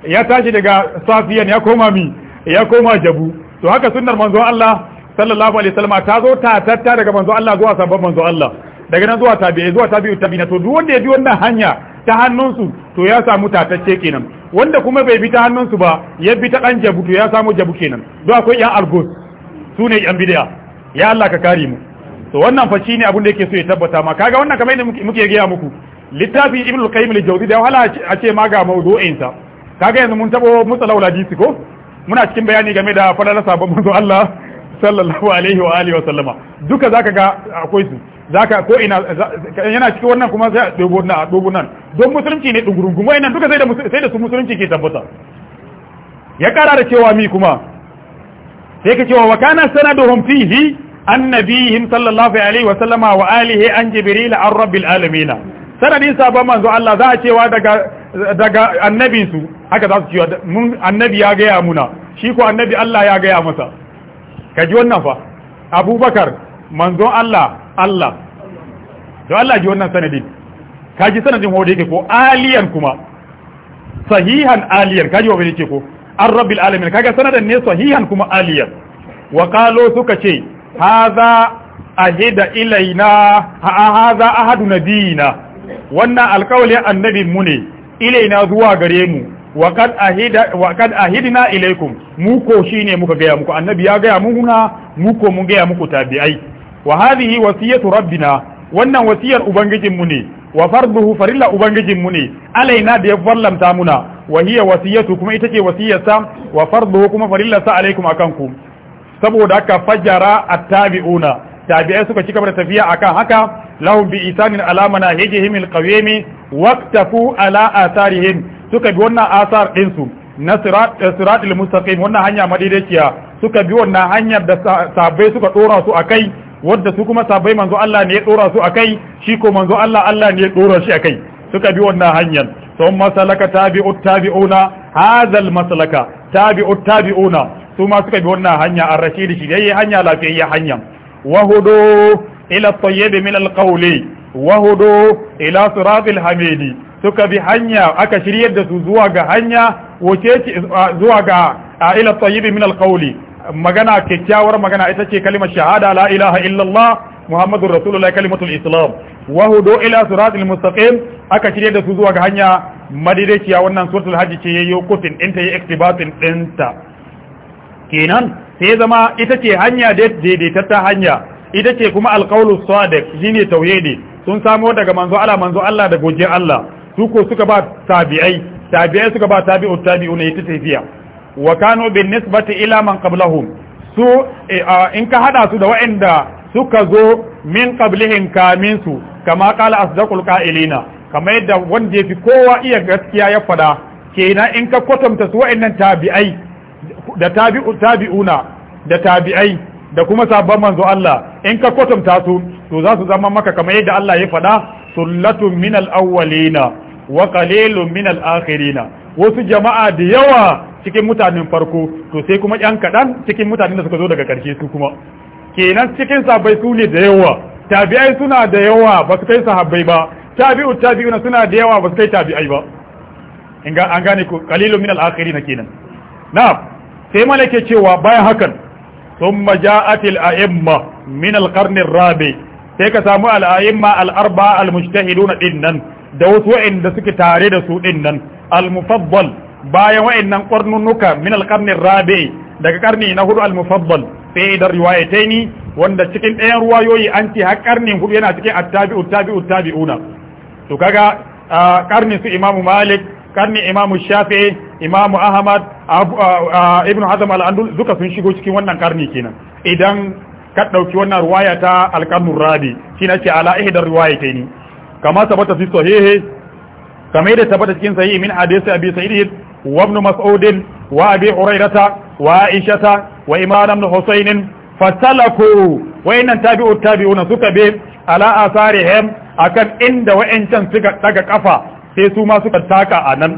ya tashi daga safiyan ya koma mi ya koma jabu to haka sunnar manzon Allah sallallahu alaihi wasallam ta zo ta tatta daga manzo Allah zuwa sabon manzo Allah daga nan zuwa tabi'i zuwa tabi'u tabi'ina to duk wanda ya bi wannan hanya ta hannunsu to ya samu tatacce kenan wanda kuma bai bi ta hannunsu ba ya bi ta dan jabu to ya samu jabu kenan don akwai yan algos su ne yan bid'a ya Allah ka kare mu to wannan fa shine abin da yake so ya tabbata ma kaga wannan kamar yadda muke gaya muku littafi ibnu al-qayyim al-jawzi da wala a ce ma ga mawdu'in sa kaga yanzu mun tabo musalawul hadisi ko muna cikin bayani game da falalar sabon manzo Allah sallallahu alaihi wa alihi wa sallama duka zaka ga akwai su zaka ko ina yana cikin wannan kuma sai a dubo na dubo nan don musulunci ne dungurungun wayannan duka sai da sai da su musulunci ke tabbata ya kara da cewa mi kuma sai ka cewa wa kana sanaduhum fihi annabihim sallallahu alaihi wa sallama wa alihi an jibril an rabbil alamin sanadin sabon manzo Allah za a cewa daga daga annabinsu haka za su cewa mun annabi ya ga ya muna shi ko annabi Allah ya ga ya masa ka ji wannan fa abubakar manzon Allah Allah don Allah ji wannan sanadin ka ji sanadin wanda yake ko aliyan kuma sahihan aliyan ka ji wanda yake ko an rabbil alamin ga sanadin ne sahihan kuma aliyan wa qalu suka ce hadha ahida ilaina ha hadha ahadu nabiyina wannan alƙawlin annabin mu ne ilaina zuwa gare mu wa kad ahida wa kad ahidna ilaikum mu muka gaya muku annabi ya gaya muku na mu mun gaya muku tabi'ai wa hadhihi wasiyatu rabbina wannan wasiyar ubangijin mu ne wa farduhu farilla ubangijin mu ne alaina da ya farlamta muna wa hiya wasiyatu kuma ita ce wasiyarsa wa farduhu kuma farilla sa alaikum akan ku saboda haka fajara attabi'una tabi'ai suka ci gaba da tafiya akan haka lahum bi isanin alamana hijihim alqawimi waqtafu ala atharihim suka bi wannan asar ɗinsu na eh, siratul mustaqim wannan hanya madidaciya suka bi wannan hanyar da sabai suka dora su akai wadda su kuma sabai manzo Allah ne ya dora su akai shi ko manzo Allah Allah ne ya dora shi akai suka bi wannan hanyar thumma salaka tabi'ut tabi'una hadha al-maslaka tabi'una su suka bi wannan hanya ar-rashidi shi yayi hanya lafiyayya hanya wa hudu ila at-tayyib min al-qawli wa hudu ila siratil hamidi suka bi hanya aka shiryar da su zuwa ga hanya wace ce zuwa ga ila tayyibi min alqawli magana kyakkyawar magana ita ce kalimar shahada la ilaha illallah muhammadur rasulullah kalimatul islam wa hudu ila siratil mustaqim aka shirye da su zuwa ga hanya madaidaiciya wannan suratul hajji ce yayyo kutin ɗinta yayi iktibatin dinta kenan sai zama ita ce hanya daidaitatta hanya ita ce kuma alqawlu sadiq shine tauhidi sun samo daga manzo Allah manzo Allah da goje Allah su ko suka ba tabi'ai tabi'ai suka ba tabi'u tabi'una ita tafiya wa kanu bin nisbati ila man qablahum su eh, in ka hada su da wa'anda suka zo min qablihim kamin su kama qala asdaqul qa'ilina kama yadda wanda yafi kowa iya gaskiya ya fada kenan in ka kwatanta su wa'annan tabi'ai da tabi'u tabi'una da tabi'ai da kuma sabon manzo Allah in ka kwatanta su to za su zama maka kamar yadda Allah ya fada sullatun min al-awwalina wa qalilun min al-akhirina wasu jama'a da yawa cikin mutanen farko to sai kuma yan kaɗan cikin mutanen da suka zo daga ƙarshe su kuma kenan cikin sahabbai su ne da yawa tabi'ai suna da yawa ba su kai sahabbai ba tabi'u tabi'una suna da yawa ba su kai tabi'ai ba in ga an gane ko qalilun min al-akhirina kenan na'am sai malaka cewa bayan hakan ثم جاءت الأئمة من القرن الرابع sai ka samu al'a'imma al'arba al-mujtahiduna dinnan da wasu wa'inda suke tare da su ɗinnan nan al bayan wa'innan qarnunuka min al-qarni rabi daga karni na hudu al-mufaddal sai da riwayataini wanda cikin ɗayan ruwayoyi an ce har ƙarnin hudu yana cikin attabi'u tabi'u tabi'una to kaga karni su imamu malik karni imamu shafi'i imamu ahmad ibn hazm al-andul duka sun shigo cikin wannan karni kenan idan ka ɗauki wannan ruwaya ta alƙarnun rabi shi na ce ala ihdar riwaya kama tabbata fi sahihi kama yadda tabbata cikin sahihi min hadisi abi sa'id wa ibn mas'ud wa abi hurairata wa aisha wa imran ibn husayn fatalaku wa innan tabi'u tabi'una suka bi ala asarihim akan inda wa'ancan suka daga kafa sai su ma suka taka anan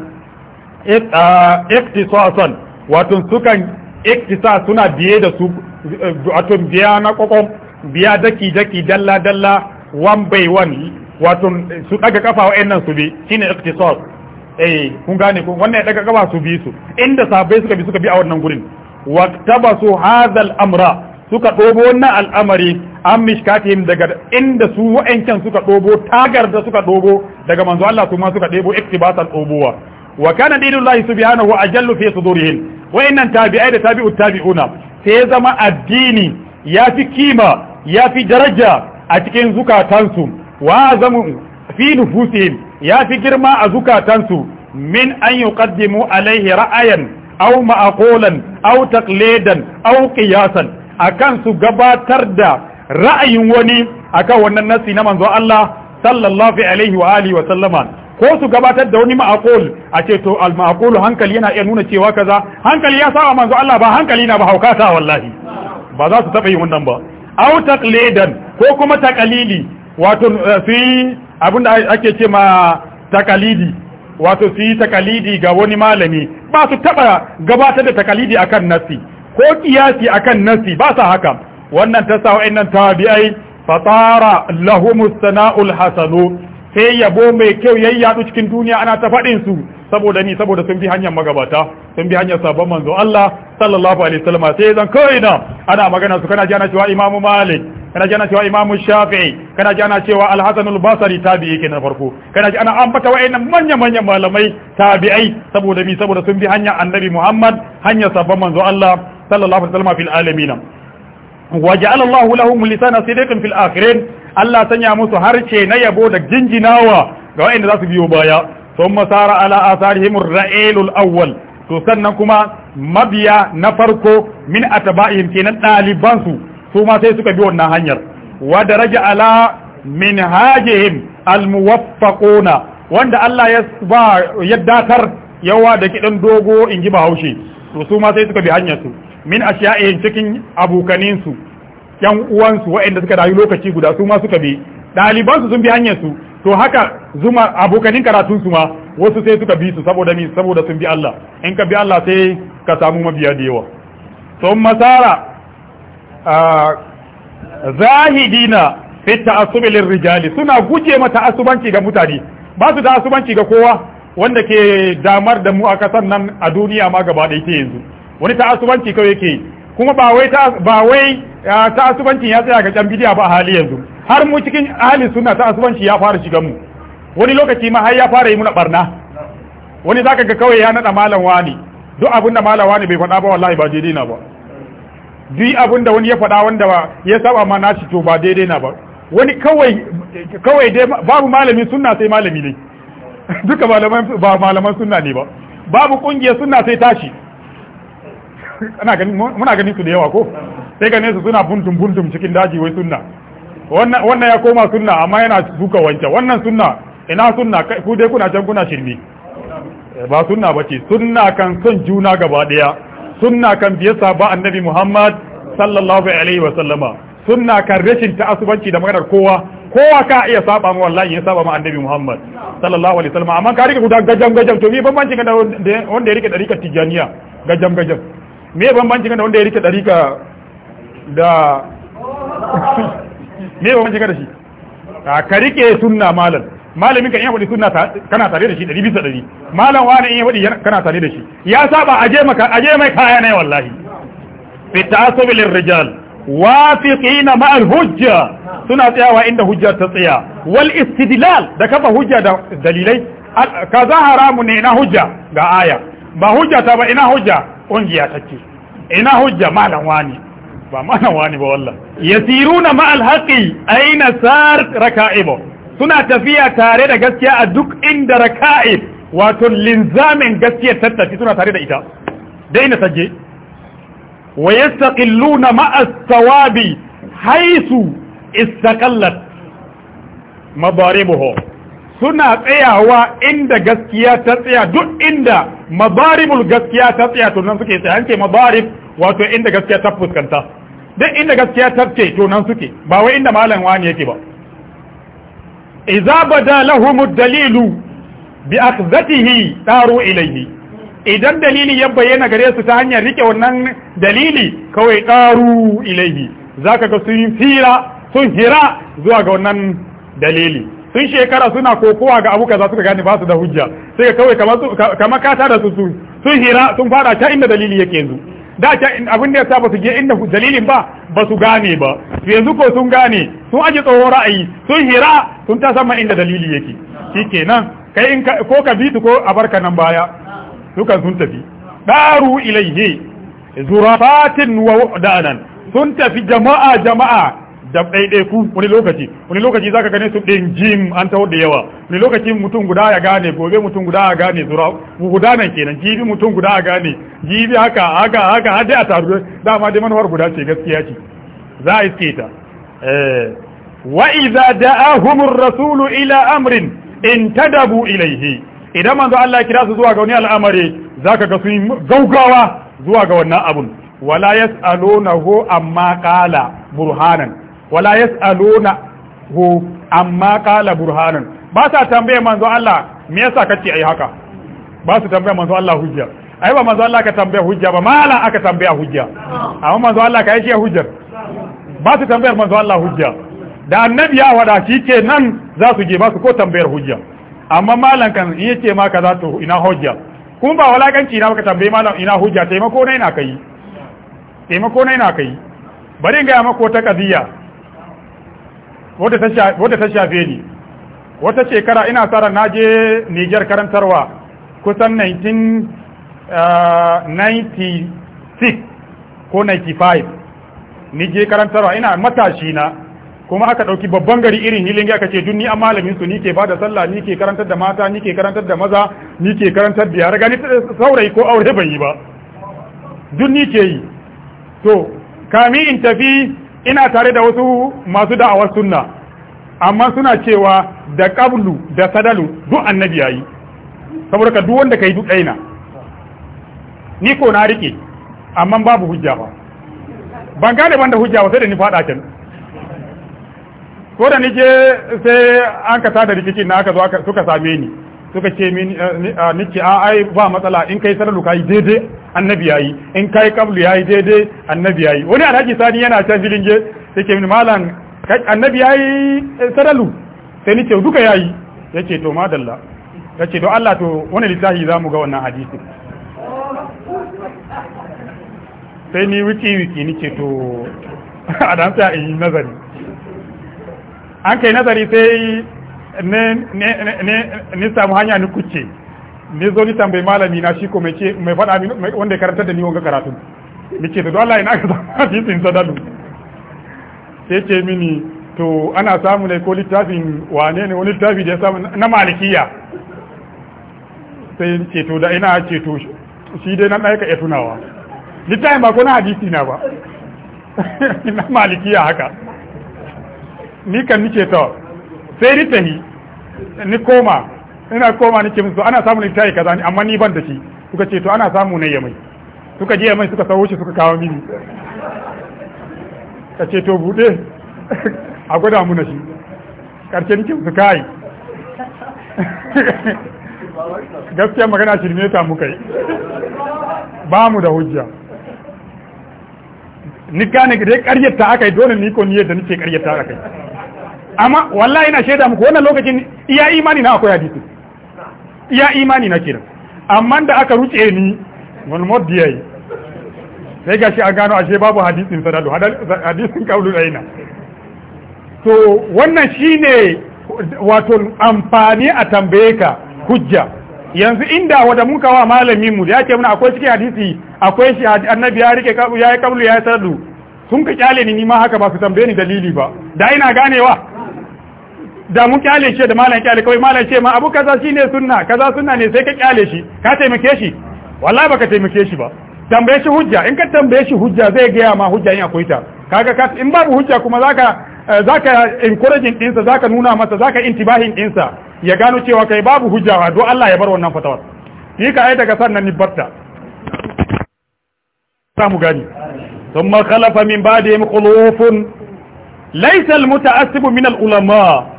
iktisasan wato sukan iktisa suna biye da su wato biya na kokon biya daki daki dalla dalla one by one wato su daga kafa wa'annan su bi shine iqtisas eh kun gane ko wannan ya daga kafa su bi su inda sabai suka bi suka bi a wannan gurin waqtabasu hadha al-amra suka dobo wannan al'amari an mishkatihim daga inda su wa'ancan suka dobo tagar da suka dobo daga manzo Allah su ma suka debo iktibasan dobowa wa kana dinullahi subhanahu wa ajallu fi sudurihim wa'annan tabi'ai da tabi'ut tabi'una sai zama addini ya fi kima ya fi daraja a cikin zukatansu wa azamu fi nufusihim ya fi girma a zukatansu min an yuqaddimu alaihi ra'ayan aw ma'qulan aw taqlidan aw a kan su gabatar da ra'ayin wani akan wannan nasi na manzo Allah sallallahu alaihi wa alihi wa sallama ko su gabatar da wani ma'aqul a ce to al hankali yana iya nuna cewa kaza hankali ya sa manzo Allah ba hankali na ba haukata wallahi ba za su taba yin wannan ba au taqlidan ko kuma takalili. wato fi eh, abinda ake ce ma takalidi wato fi takalidi ga wani malami ba su taba gabatar da takalidi akan nasi ko kiyasi akan nasi ba sa haka wannan ta sa wa'annan tabi'ai fatara lahumus sana'ul hasanu sai yabo mai kyau yayi yadu cikin duniya ana ta faɗin su saboda ni saboda sun bi hanyar magabata sun bi hanyar sabon manzo Allah sallallahu alaihi wasallam sai zan kai kaina ana magana su kana ji ana cewa imamu malik kana ji ana cewa imamu shafi'i kana ji ana cewa al basari al-basri na farko kana ji ana ambata wa'annan manya manyan malamai tabi'ai saboda mi saboda sun bi hanya annabi muhammad hanya sabban manzo Allah sallallahu alaihi wasallam fil alamin wa ja'ala Allahu lahum lisana sidqin fil akhirin Allah sanya musu ce na yabo da jinjinawa ga waɗanda za su biyo baya thumma sara ala atharihim ar-ra'ilul awwal to sannan kuma mabiya na farko min atba'ihim kenan dalibansu su ma sai suka bi wannan hanyar wa daraja ala min minhajihim almuwaffaquna wanda Allah ya ba ya datar yawa da kidan dogo in ji bahaushe to su ma sai suka bi hanyar su min ashiya'in cikin abokanin su yan uwan su waɗanda suka rayu lokaci guda su ma suka bi daliban su sun bi hanyar su to haka zuma abokanin karatun su ma wasu sai suka bi su saboda mi saboda sun bi Allah in ka bi Allah sai ka samu mabiya da yawa sun masara zahidina fi ta'assubi rijali suna guje mata asubanci ga mutane ba su asubanci ga kowa wanda ke damar da mu a san nan a duniya ma gaba da yanzu wani ta asubanci kawai yake kuma ba wai ba wai ya tsaya ga can bidiya ba a hali yanzu har mu cikin ahli sunna asubanci ya fara shiga mu wani lokaci ma har ya fara yi muna barna wani zaka ga kawai ya nada malam wani duk abin da malam wani bai faɗa ba wallahi ba daidai ba duk abin da wani ya faɗa wanda ba ya saba ma nashi to ba daidai na ba wani kawai kawai dai babu malamin sunna sai malami ne (laughs) duka malaman ba malaman sunna ne ba babu kungiyar sunna sai tashi ana muna ganin su da yawa ko sai ganin su suna buntum buntum cikin daji wai sunna wannan wannan ya koma sunna amma yana duka wancan wannan sunna ina sunna ku dai kuna can kuna shirme ba sunna bace sunna kan son juna gaba daya sunna kan biye sahaba annabi Muhammad sallallahu alaihi wa sallama sunna kan rashin asubanci da maganar kowa kowa ka iya saba ma wallahi ya saba ma annabi Muhammad sallallahu alaihi wa sallama amma ka rike guda gajam gajam to me bambanci ga wanda ya rike dariƙa tijaniya gajam gajam me bambanci ga wanda ya rike dariƙa da (laughs) me bambanci ga shi ah, ka rike sunna malam malamin kan iya faɗi sunna kana tare da shi ɗari bisa ɗari malam wani iya faɗi kana tare da shi ya saba aje maka aje mai kaya ne wallahi fi ta'assubi lirrijal wafiqina ma'al hujja suna tsayawa inda hujja ta tsaya wal istidlal da kafa hujja da dalilai Ka za haramu ne ina hujja ga aya ba hujja ta ba ina hujja kungiya take ina hujja malam wani ba malam wani ba wallahi yasiruna ma'al haqi aina sar raka'ibu suna tafiya tare da gaskiya a duk inda raka'i wato linzamin gaskiyar tattafi suna tare da ita dai daina sajje wa yastaqilluna ma'a sawabi haisu istaqallat mabaribuhu suna tsayawa inda gaskiya ta tsaya duk inda mabaribul gaskiya ta tsaya to nan suke tsaya hanke mabarib wato inda gaskiya ta fuskanta duk inda gaskiya ta ce to nan suke ba wai inda malam wani yake ba iza bada lahumu dalilu bi akhdatihi taru ilayhi idan dalili ya bayyana gare su ta hanyar rike wannan dalili kawai taru ilayhi zaka ga sun fira sun hira zuwa ga wannan dalili sun shekara suna kokowa ga abu kaza suka gane ba su da hujja sai kawai kamar ka tada su sun hira sun fara ta inda dalili yake yanzu da abin da ya ba su je inda dalilin ba ba su gane ba yanzu ko sun gane sun aje tsohon ra'ayi sun hira sun ta sama inda dalili yake shikenan kai in ko ka bi ko a barka nan baya dukan sun tafi daru ilaihi zurafatin wa danan sun tafi jama'a jama'a da ɗaiɗai ku wani lokaci wani lokaci za ka gane su ɗin jim an taho da yawa wani lokaci mutum guda ya gane gobe mutum guda ya gane zura guda nan kenan jibi mutum guda ya gane jibi haka haka haka har dai a taru dama dai manuwar guda ce gaskiya ce za a iske ta eh, wa idza da'ahumur rasulu ila amrin in dabu ilaihe idan manzo Allah ya kira su zuwa ga wani al'amari zaka ga sun gaugawa zuwa ga wannan abun wala yas'alunahu amma qala burhanan wala yas'aluna hu amma qala burhanan ba sa tambaye manzo Allah me yasa kace ai haka ba su tambaye manzo Allah hujja ai ba manzo Allah ka tambaye hujja ba mala aka tambaye hujja amma manzo Allah ka yake hujjar ba su tambayar manzo Allah hujja da annabi ya wada shi ke nan za su je ba su ko tambayar hujja amma malan kan in yace ma kaza to ina hujja kun ba walakanci na baka tambaye malam ina hujja taimako nai na kai taimako nai na kai bari in ga maka wata kadiya wadda ta shafe ni wata shekara ina tsara na je niger karantarwa kusan 1996 uh, ko 95 ni je karantarwa ina matashi na kuma aka ɗauki babban gari irin hilin aka ce ni a malamin su nike bada sallah nike karantar da mata nike karantar da maza nike karantar da yara gani saurayi ko aure ban yi ba duk ke yi to kami in tafi ina tare da wasu masu da'awar sunna amma suna cewa da qablu da sadalu duk annabi yayi saboda ka duk wanda kai duk daina ni ko na rike amma babu hujja ba ban gane banda hujja ba sai da ni fada can ko da ni je sai an ka tada rikicin na aka zo suka same ni suka ce min eh, eh, ni ce a ai ba matsala in kai sadalu kai daidai annabi yayi in kai kablu yayi daidai annabi yayi wani alhaji sani yana can je yake min malan annabi yayi eh, sadalu sai ni ce duka yayi yace to madalla yace to Allah to wani za zamu ga wannan hadisi sai ni wiki wiki ni to (laughs) a dan sai in nazari an kai nazari sai ne ne ne ne samu hanya ni kuce ne zo ni tambayi malami na shi ko mai ce mai faɗa min wanda ya karanta da ni wanga karatu ni ce da Allah ina ka samu hadisin sadadu sai ce mini to ana samu ne ko littafin wane ne wani littafi da ya samu na malikiya sai ce to da ina ce to shi dai nan ɗaya ka tunawa littafin ba ko na hadisi na ba (laughs) na malikiya haka ni kan ni ce to sai ritahi ni koma ina koma nake musu ana samu littafi kaza ne amma ni ban da shi suka ce to ana samu ne yamai suka je yamai suka sawo shi suka kawo mini ka ce to bude a gwada mu na shi karshe nake musu kai gaskiya magana shirme ta muka yi ba mu da hujja ni kane da karyata akai dole ni ko ni yadda nake karyata akai amma wallahi ina shaida muku wannan lokacin iya imani na akwai hadisi iya imani na kiran amma da aka ruce ni wal yayi sai gashi a gano ashe babu hadisin sadalu hadisin kaulul aina to wannan shine wato amfani a tambaye ka hujja yanzu inda wanda mun kawo malamin mu ya muna akwai cikin hadisi akwai shi annabi ya rike ya yi kaulu ya yi sun ka kyale ni ma haka ba su tambaye ni dalili ba da ina ganewa da mu kyale shi da malam kyale kawai malam ce ma abu kaza shine sunna kaza sunna ne sai ka kyale shi ka taimake shi wallahi baka taimake shi ba tambaye shi hujja in ka tambaye shi hujja zai gaya ma hujja in akwai ta kaga ka in babu hujja kuma zaka eh, zaka encouraging sa zaka nuna masa zaka intibahin sa ya gano cewa kai babu hujja do Allah ya bar wannan fatawar yi ka ai daga sannan ni barta samu gani min خلف من بعدهم خلوف ليس المتعصب min العلماء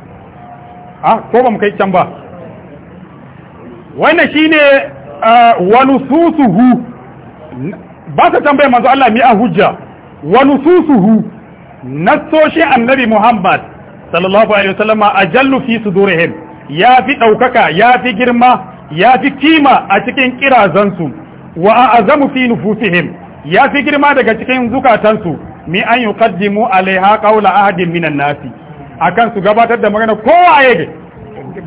a ko ba mu kai can ba wannan shine eh, wa nususuhu ba ta tambaye manzo Allah mi a hujja wa nususuhu nasoshi annabi Muhammad sallallahu alaihi wasallama ajallu fi sudurihim ya fi daukaka ya fi girma ya fi kima a cikin kirazansu wa azamu fi nufusihim ya fi girma daga cikin zukatansu mi an yuqaddimu alaiha qawla ahadin minan nasi akan su gabatar da magana kowa ya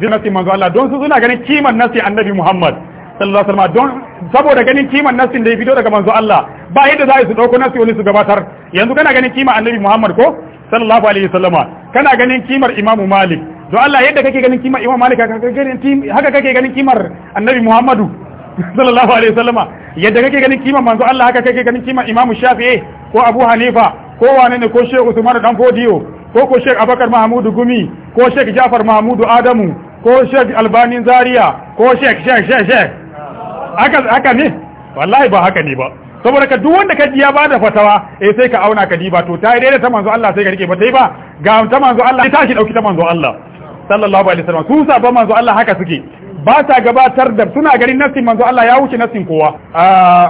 ga nasi manzo Allah don su suna ganin kiman nasi annabi Muhammad sallallahu alaihi wasallam don saboda ganin kiman nasi da ya fito daga manzo Allah ba yadda za su dauko nasi wani su gabatar yanzu kana ganin kiman annabi Muhammad ko sallallahu alaihi wasallama kana ganin kimar Imam Malik don Allah yadda kake ganin kimar Imam Malik haka kake ganin kimar annabi Muhammadu (laughs) sallallahu alaihi wasallama yadda kake ganin kimar manzo Allah haka kake ganin kimar Imam Shafi'i ko Abu Hanifa ko wane ne ko Sheikh Usman dan Fodiyo ko ko Sheikh Abakar Mahmudu Gumi ko Sheikh Jafar Mahmudu Adamu ko Sheikh albanin Zaria ko Sheikh Sheikh Sheikh Sheikh haka haka ne wallahi ba haka ne ba saboda ka duk wanda ka ji ya bada fatawa eh sai ka auna ka diba to ta yi daidai ta manzo Allah sai ka rike ba ta ba ga ta manzo Allah ta shi dauki ta manzo Allah sallallahu alaihi wasallam su sabon manzo Allah haka suke ba ta gabatar da suna garin nassin manzo Allah ya wuce nassin kowa A ah,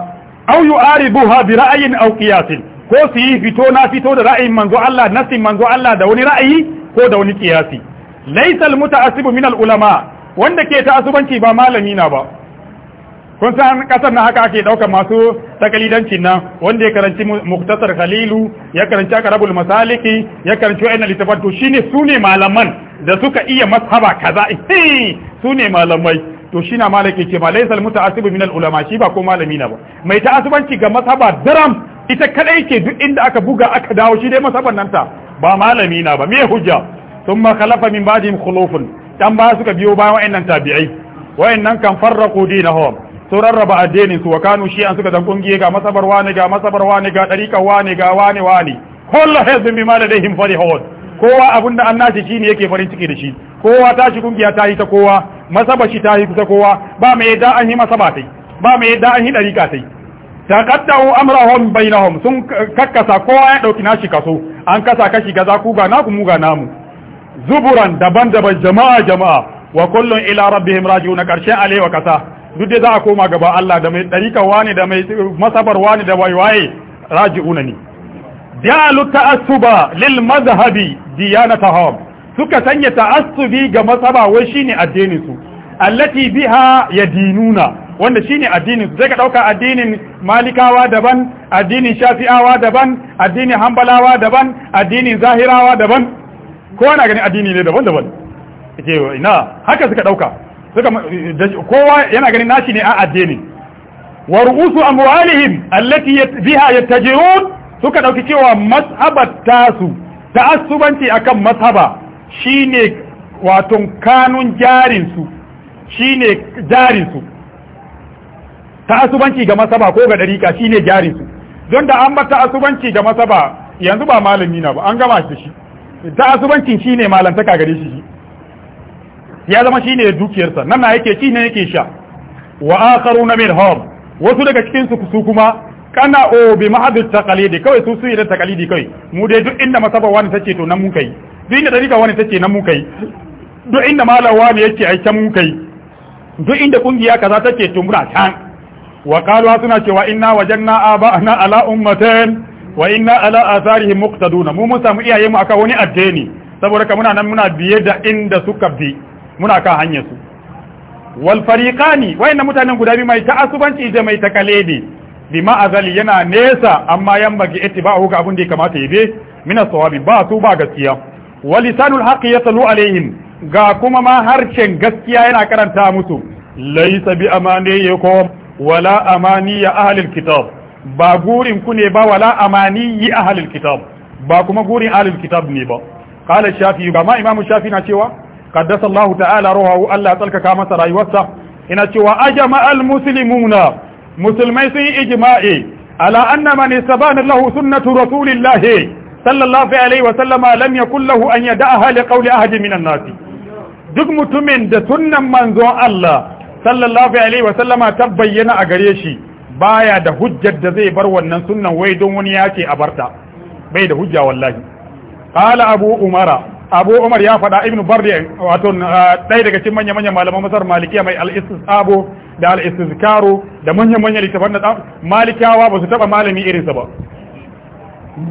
au yu'aribuha bi ra'ayin aw qiyasin ko su yi fito na fito da ra'ayin manzo Allah nasin manzo Allah da wani ra'ayi ko da wani kiyasi laysa almutaasibu min ulama wanda ke ta'assubanci ba malami na ba kun san kasar na haka ake daukar masu takalidancin nan wanda ya karanci muktasar khalilu ya karanci akarabul masaliki ya karanci ayna litafatu shine sune malaman da suka iya mashaba kaza su sune malamai to shi na malaki ce ba. laisal muta'assibu min al-ulama shi ba ko malami na ba mai ta'assubanci ga mashaba daram ita kadai ce duk inda aka buga aka dawo shi dai masaban nan ta ba malami na ba me hujja thumma khalafa min ba'dihim khulufun dan ba suka biyo bayan wayannan tabi'ai wayannan kan farraqu dinahum sun rarraba addinin su wa kanu shi'an suka dan kungiye ga masabar wani ga masabar wani ga dariqa wani ga wani wani kullu hizbin bima ladayhim farihun kowa abunda an nashi shine yake farin ciki da shi kowa tashi kungiya ta yi ta kowa masaba shi ta yi ta kowa ba mai da an yi masaba tai ba mai da an yi dariqa yi. taqaddamu amrahum bainahum sun kakkasa kowa ya dauki nashi kaso an kasa kashi gaza ku ga naku mu ga namu zuburan daban-daban jama'a jama'a wa kullun ila rabbihim raji'un karshen alai wa kasa duk da za a koma gaba Allah da mai darika wani da mai masabar wani da waiwaye raji'una ni. ja'alu ta'assuba lil madhhabi diyanatahum suka sanya ta'assubi ga masaba wai shine addinin su allati biha yadinuna wanda shine addinin zai ka ɗauka addinin malikawa daban addinin shafi'awa daban addinin hambalawa daban addinin zahirawa daban kowa na ganin addini ne daban-daban ke ina haka suka dauka suka kowa yana ganin nashi ne a addini wa ru'usu amwalihim allati biha yattajirun suka dauki cewa mashabar tasu ta'assubanci akan mas'aba, shine wato kanun jarin su, shine jarin su. ta'asubanci ga masaba ko ga dariƙa shine jari su don da an ba ta'asubanci ga masaba yanzu ba malami na ba an gama shi shi ta'assubancin shine malantaka gare shi ya zama shine dukiyarsa nan na yake ci ne yake sha wa min hum wasu daga cikin su su kuma kana o bi mahadu taqalidi kawai su su da taqalidi kawai mu dai duk inda masaba wani tace to nan mun kai duk inda dariƙa wani tace nan mun kai duk inda malawa ne yake aikin can mun kai duk inda kungiya kaza tace to muna can wa suna cewa inna wajanna aba'ana ala ummatin wa inna ala muqtaduna mu mun samu iyaye mu aka wani addini saboda ka muna nan muna biye da inda suka bi muna kan hanyar su wal fariqani wayanna mutanen guda biyu mai ta'assubanci da mai takalidi bi ma'azali yana nesa amma yan bagi ittiba'u ga abin da ya kamata ya be min as-sawabi ba su ba gaskiya wa lisanul haqqi yatlu alaihim ga kuma ma harshen gaskiya yana karanta musu laysa bi amaniyikum wala amani ya ahlil kitab ba gurin ku ne ba wala amani yi kitab ba kuma gurin ahlil kitab ne ba qala shafi ba imamu shafi na cewa qaddasa Allah ta'ala ruhu Allah tsalkaka masa rayuwarsa ina cewa ajma al muslimuna musulmai sun ijma'i ala anna man istabana lahu sunnatu rasulillah sallallahu alaihi wa sallama lam yakul lahu an yada'aha liqawli ahadin minan nas duk mutumin da sunnan manzon Allah sallallahu alaihi wasallama ta bayyana a gare shi baya da hujjar da zai bar wannan sunnan wai don wani ya ce a barta bai da hujja wallahi qala abu umara abu umar ya faɗa ibn barri wato uh, ɗaya daga cikin manya manyan malaman masar malikiya mai al-istisabo da al-istizkaru da manya manyan littafan na malikawa ba su taba malami irinsa ba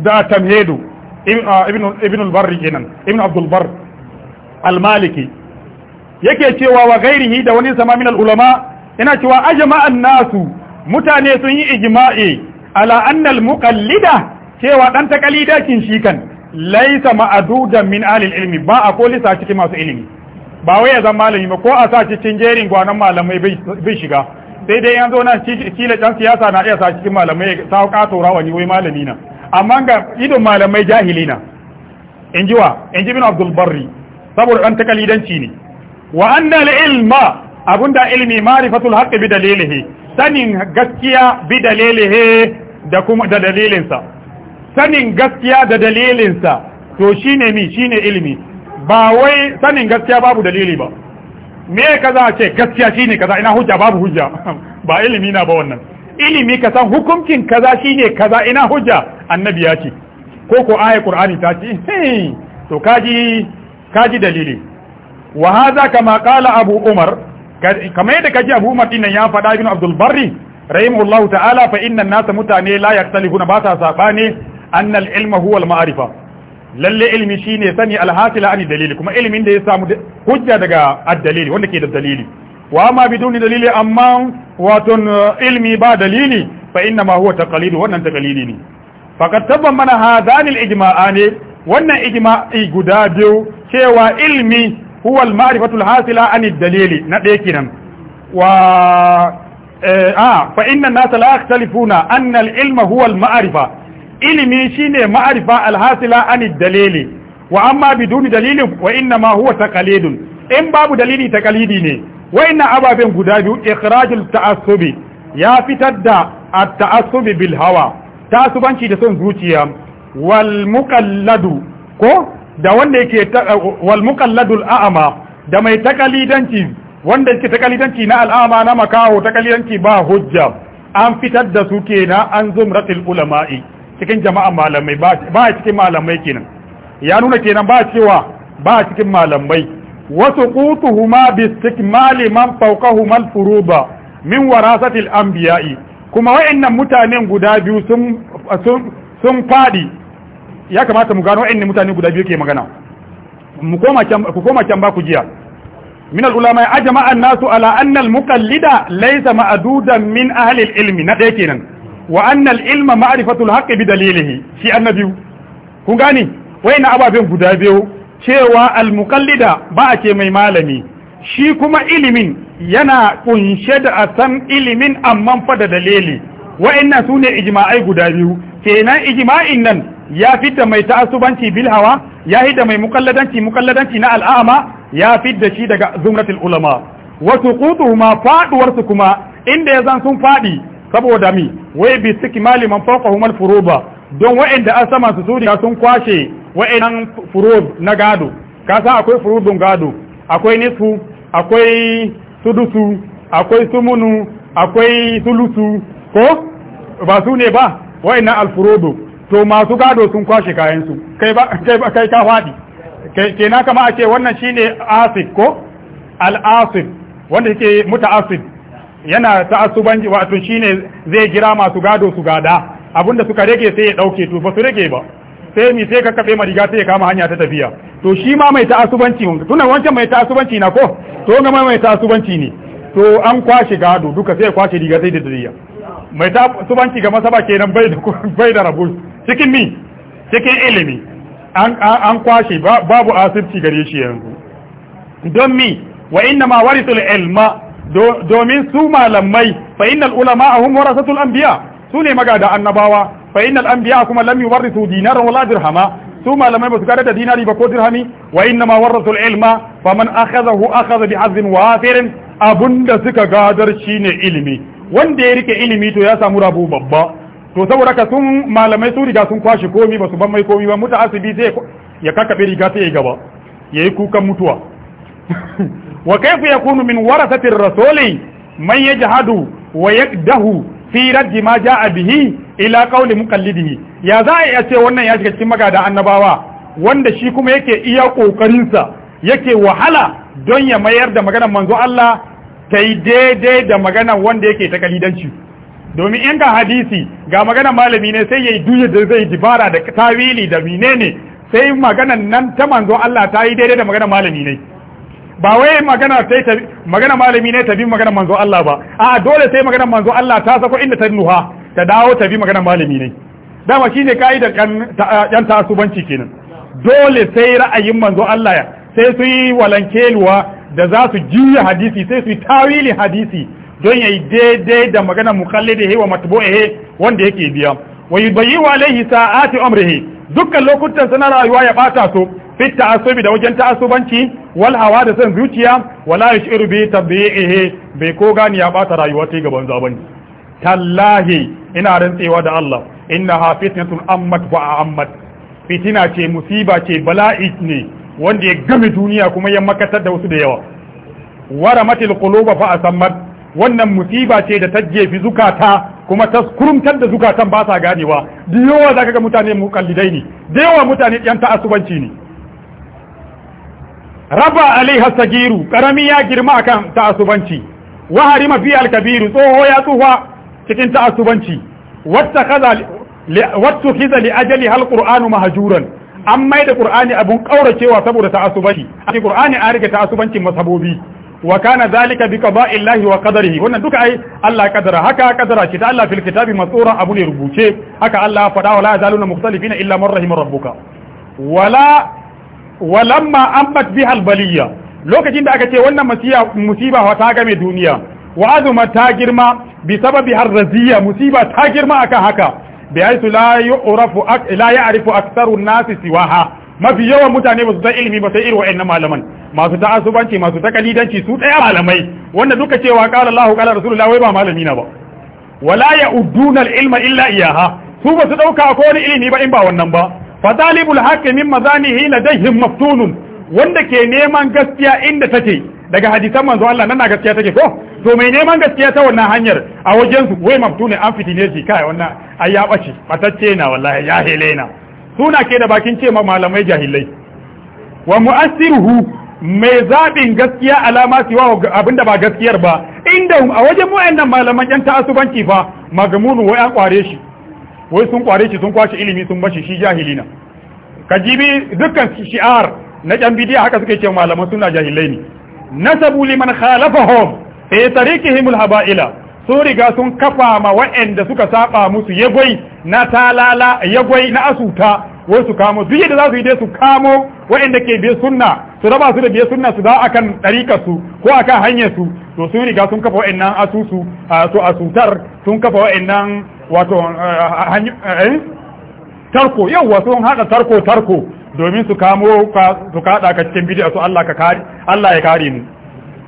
da tamhedu ibn uh, ibn barri kenan ibn abdul bar al-maliki yake cewa wa gairihi da wani sama min ulama yana cewa ajma'a nasu mutane sun yi ijma'i ala anna al muqallida cewa dan taqalidakin shi kan laysa ma'dudan min ahli ilmi ba a ko lisa cikin masu ilimi ba wai ya zama malami ba ko a sa cikin jerin gwanan malamai bai shiga sai dai yanzu nan kila can siyasa na iya sa cikin malamai sa ka tora wani wai malami na amma ga idon malamai jahilina in ji wa in ji abdul barri saboda dan takalidanci ne wa annal ilma abunda ilmi marifatul haqqi bi dalilihi sanin gaskiya bi dalilihi da kuma da dalilinsa sanin gaskiya da dalilinsa to shine mi shine ilmi ba wai sanin gaskiya babu dalili ba me kaza ce gaskiya shine kaza ina hujja babu hujja (laughs) ba ilimi na ba wannan ilimi ka san hukuncin kaza shine kaza ina hujja annabi ya ce ko ko ayatul qur'ani ta ce to kaji kaji dalili wa hadha kama qala abu umar kamar yadda kaji abu umar dinnan ya faɗa ibn abdul barri rahimahullahu ta'ala fa inna nasa mutane la yaktalifuna ba sa sabani anna al-ilma huwa al-ma'rifa lalle ilmi shine sani al-hasila ani dalili kuma ilmin da ya samu hujja daga ad-dalili wanda ke da dalili wa ma biduni dalili amma watun uh, ilmi ba dalili fa inna ma huwa taqlid wannan taqlidi ne faqad tabammana hadani al-ijma'ani wannan ijma'i guda biyu cewa ilmi huwa al-ma'rifatu al na ɗaya kenan wa eh, a ah, fa inna nasa la yakhtalifuna anna ilma huwa al ilimi shine ma'rifa alhasila hasila an wa amma biduni dalilin wa inna ma huwa taqalidun in babu dalili taqalidi ne wa inna ababen guda biyu ikhrajul ta'assubi ya fitar da at-ta'assubi bil hawa tasubanci da son zuciya wal muqalladu ko da wanda yake eh, wal muqalladul a'ama da mai takalidanci wanda yake takalidanci na al'ama na makaho takalidanci ba hujja an fitar da su kenan an zumratul ulama'i cikin jama'a malamai ba cikin malamai kenan ya nuna kenan ba cewa ba cikin malamai wasu qutuhuma bi istikmali man fawqahuma al-furuba min warasatil anbiya'i kuma wa'annan mutanen guda biyu sun sun fadi ya kamata mu gano wa'annan mutane guda biyu ke magana mu koma can ku koma can ba ku jiya min al-ulama ajma'a an-nasu ala anna al-muqallida laysa ma'dudan min ahli al-ilmi na dai kenan wa anna al-ilma ma'rifatu al-haqqi bi dalilihi shi annabi ku gani na ababen guda biyu cewa al-muqallida ba a ce mai malami shi kuma ilimin yana kunshe da a san ilimin amman fa da dalili wa'annan sune ijma'ai guda biyu kenan ijma'in nan ya fidda mai ta'assubanci bil hawa ya hidda mai mukalladanci mukalladanci na al'ama ya fidda shi daga zumratul ulama wa suqutuhuma faduwar su kuma inda ya zan sun fadi saboda mi wai bi istikmali man fawqahum al furuba don wa'inda an sama su su sun kwashe wa'innan furud na gado ka san akwai furudun gado akwai nisfu akwai sudusu akwai sumunu akwai sulusu ko ba su ne ba wa'innan al furudu to masu gado sun kwashe kayansu kai ba kai ka faɗi na kama a ce wannan shine asif ko al-asif wanda yake muta'assib yana ta'assubanci wato shine zai jira masu gado su gada abinda suka rage sai ya dauke to ba su rage ba sai mi sai ka kabe mariga sai ya kama hanya ta tafiya to shi ma mai ta'assubanci tunan wancan mai ta'assubanci na ko to ga mai ta'assubanci ne to an kwashe gado duka sai ya kwashe riga sai da dariya mai banki ga masaba kenan bai da rabu cikin mi cikin ilimi an kwashe babu asibci gare shi yanzu don mi wa inna ma warisul ilma domin su malamai fa innal ulama ahum warasatul anbiya su ne magada annabawa fa innal anbiya kuma lam yuwarrisu dinaran wala dirhama su malamai ba su gada da dinari ba ko dirhami wa inna ma warasul ilma man akhadhahu akhadha bi azin wafirin abunda suka gadar shine ilimi wanda ya rike ilimi to ya samu rabu babba to saboda ka sun malamai sun riga sun kwashe komi ba su ban mai komi ba muta asibi sai ya kakabe riga sai ya gaba yayi kukan mutuwa (laughs) wa ya kunu min warasati rasuli man yajhadu wa yakdahu fi raddi ma jaa bihi ila qawli muqallidihi ya za a ce wannan ya shiga cikin magada annabawa wanda shi kuma yake iya kokarinsa yake wahala don ya mayar da maganar manzo Allah ta yi daidai da magana wanda yake ta kalidanci domin in ga hadisi ga magana malami ne sai ya yi duya da zai dibara da tawili da ne sai magana nan ta manzo Allah ta yi daidai da magana malami ne ba wai magana malami ne ta bi magana manzo Allah ba a dole sai magana manzo Allah ta sako inda ta nuha ta dawo ta bi magana malami ne dama shine kaidar kan yan tasubanci kenan dole sai ra'ayin manzo Allah ya. sai su yi walankeluwa da za su juya hadisi sai su yi tawili hadisi don ya yi daidai da magana mukalle da wa ehe wanda yake biya wa yubayyi wa alaihi sa'ati umrihi dukkan lokutan sana rayuwa ya bata su fi ta'assubi da wajen ta'assubanci wal hawa da san zuciya wala yashuru bi tabi'ihi bai ko gani ya bata rayuwa ta gaban zabani tallahi ina rantsewa da Allah innaha fitnatun ammat wa ammat fitina ce musiba ce bala'i ne wanda ya game duniya kuma ya makatar da wasu da yawa waramatil quluba fa asammat wannan musiba ce da ta jefi zukata kuma ta kurumtar da zukatan ba sa ganewa da yawa zaka ga mutane mukallidai ne da yawa mutane yan ta'assubanci ne raba alaiha sagiru karami ya girma akan ta'assubanci wa harima fi kabiru tsoho ya tsufa cikin ta'assubanci wattakhadha wattakhadha li ajali alqur'anu mahjuran an mai da qur'ani abun kauracewa saboda ta'assubanci aki qur'ani an rike ta'assubancin masabobi wa kana zalika bi qada'i llahi wa qadarihi wannan duka ai Allah kadara haka kadara ce ta Allah fil kitabi masura abu ne rubuce haka Allah faɗa wala zaluna mukhtalifina illa man rahimar rabbuka wala walamma ambat biha albaliya lokacin da aka ce wannan musiba ta game duniya wa azuma ta girma bi sababi harraziya musiba ta girma akan haka bihaitu la yu'rafu la ya'rifu aktharu an-nas siwaha mafi yawan mutane ba su san ilimi ba sai irin wa'annan malaman masu ta'assubanci masu takalidanci su ɗaya malamai wanda duka cewa qala Allah qala Rasulullah wai ba malami na ba wala ya'udduna al-ilma illa iyaha su ba su dauka ko wani ilimi ba in ba wannan ba fa talibul haqqi min mazanihi ladayhim maftunun wanda ke neman gaskiya inda take daga hadisan manzo Allah nan na gaskiya take ko to mai neman gaskiya ta wannan hanyar a wajen su wai mamtu ne an fitine shi kai wannan ai ya bace batacce na wallahi ya helena suna ke da bakin ce ma malamai jahilai wa mu'assiruhu mai zabin gaskiya alama siwa abinda ba gaskiyar ba inda a wajen wayannan malaman yan ta'asubanci fa magamunu wai an kware shi wai sun kware shi sun kwashe ilimi sun bashi shi jahilina kajibi dukkan shi'ar na jan bidiya haka suke ce malaman suna jahilai ne nasabu liman khalafahum fi tariqihim alhaba'ila sun riga sun kafa ma waɗanda suka saba musu yagwai na talala yagwai na asuta wai su kamo duk yadda za su yi dai su kamo waɗanda ke biye sunna su raba su da biye sunna su za akan ɗarikar su ko akan hanyar su to sun riga sun kafa waɗannan asusu to asutar sun kafa waɗannan wato eh? tarko yau wasu sun haɗa tarko tarko domin su kamo su kada ka cikin bidi'a su Allah ka kare Allah ya kare mu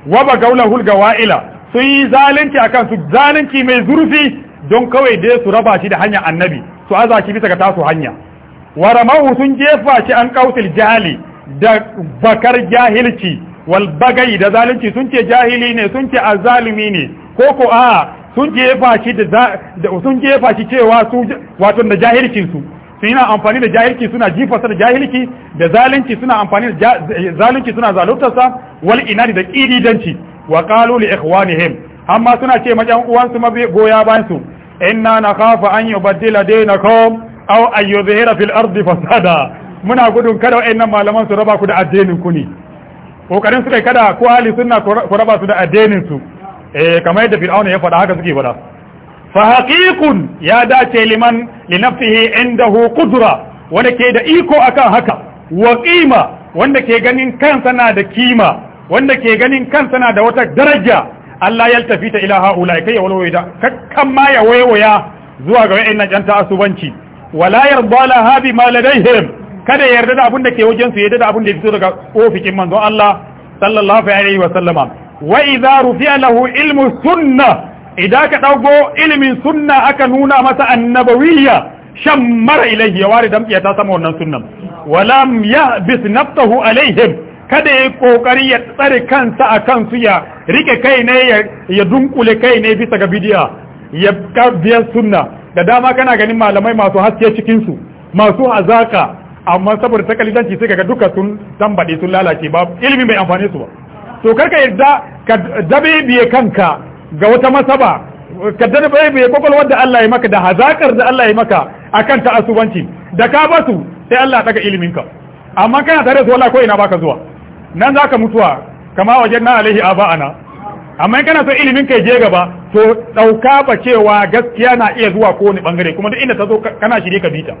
wa ba hulga Waila sun yi zalunci akan su zalunci mai zurfi don kawai dai su raba shi da hanya annabi su aza bisa ga tasu hanya wa ramahu sun jefa shi an kautil jahili da bakar jahilci wal bagai da zalunci sun ce jahili ne sun ce azalimi ne ko ko a sun jefa shi da sun jefa shi cewa su wato da jahilcin su yana amfani da jahilci suna jifasa da jahilci da zalunci suna amfani da zalunci suna zaluntarsa wal inadi da kididanci wa qalu li ikhwanihim amma suna ce ma yan uwansu goya bayan su inna nakhafa an yubaddila dinakum aw an yuzhira fil ardi fasada muna gudun kada wayannan malaman su raba ku da addinin ku ne kokarin su kai kada ko ahli sunna ku raba su da addinin su eh kamar yadda fir'auna ya faɗa haka suke faɗa fahaƙiƙun ya dace liman linafihi indahu kudura wanda ke da iko akan haka waƙima ƙima wanda ke ganin kansa na da kima wanda ke ganin kansa na da wata daraja Allah ya tafi ta ila haula kai ya walwaye da kakkan ma ya waiwaya zuwa ga wayannan yan ta'asubanci wala yarda laha bima kada yarda da abin da ke wajen su yarda da abin da fito daga ofikin manzon Allah sallallahu alaihi wa sallama wa idza rufi'a lahu ilmu sunnah idan ka ɗaugo ilimin sunna aka nuna masa annabawiyya shan mara ilaihi ya ware damƙiya ta sama wannan sunnan walam ya bis naftahu alaihim kada ya kokari ya tsare kansa a kansu ya rike kai ne ya dunkule kai ne bisa ga bidiya ya kabiyar sunna da dama kana ganin malamai masu haske cikin su masu azaka amma saboda takalidanci sai kaga duka sun tambade sun lalace ba ilimi bai amfane su ba to karka yarda ka dabe biye kanka ga wata masaba ka darbe bai kwakwalwar da Allah ya maka da hazakar da Allah ya maka akan ta asubanci da ka basu sai Allah daga ilimin ka amma kana tare da wallahi ko ina baka zuwa nan zaka mutuwa kama wajen na alaihi aba'ana amma kana so ilimin ka je gaba to dauka ba cewa gaskiya na iya zuwa ko ni bangare kuma duk inda ta kana shirye ka bita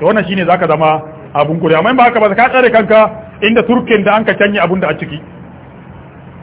to wannan shine zaka zama abun kuri amma in ba haka ba ka tsare kanka inda turkin da an ka canye abun da a ciki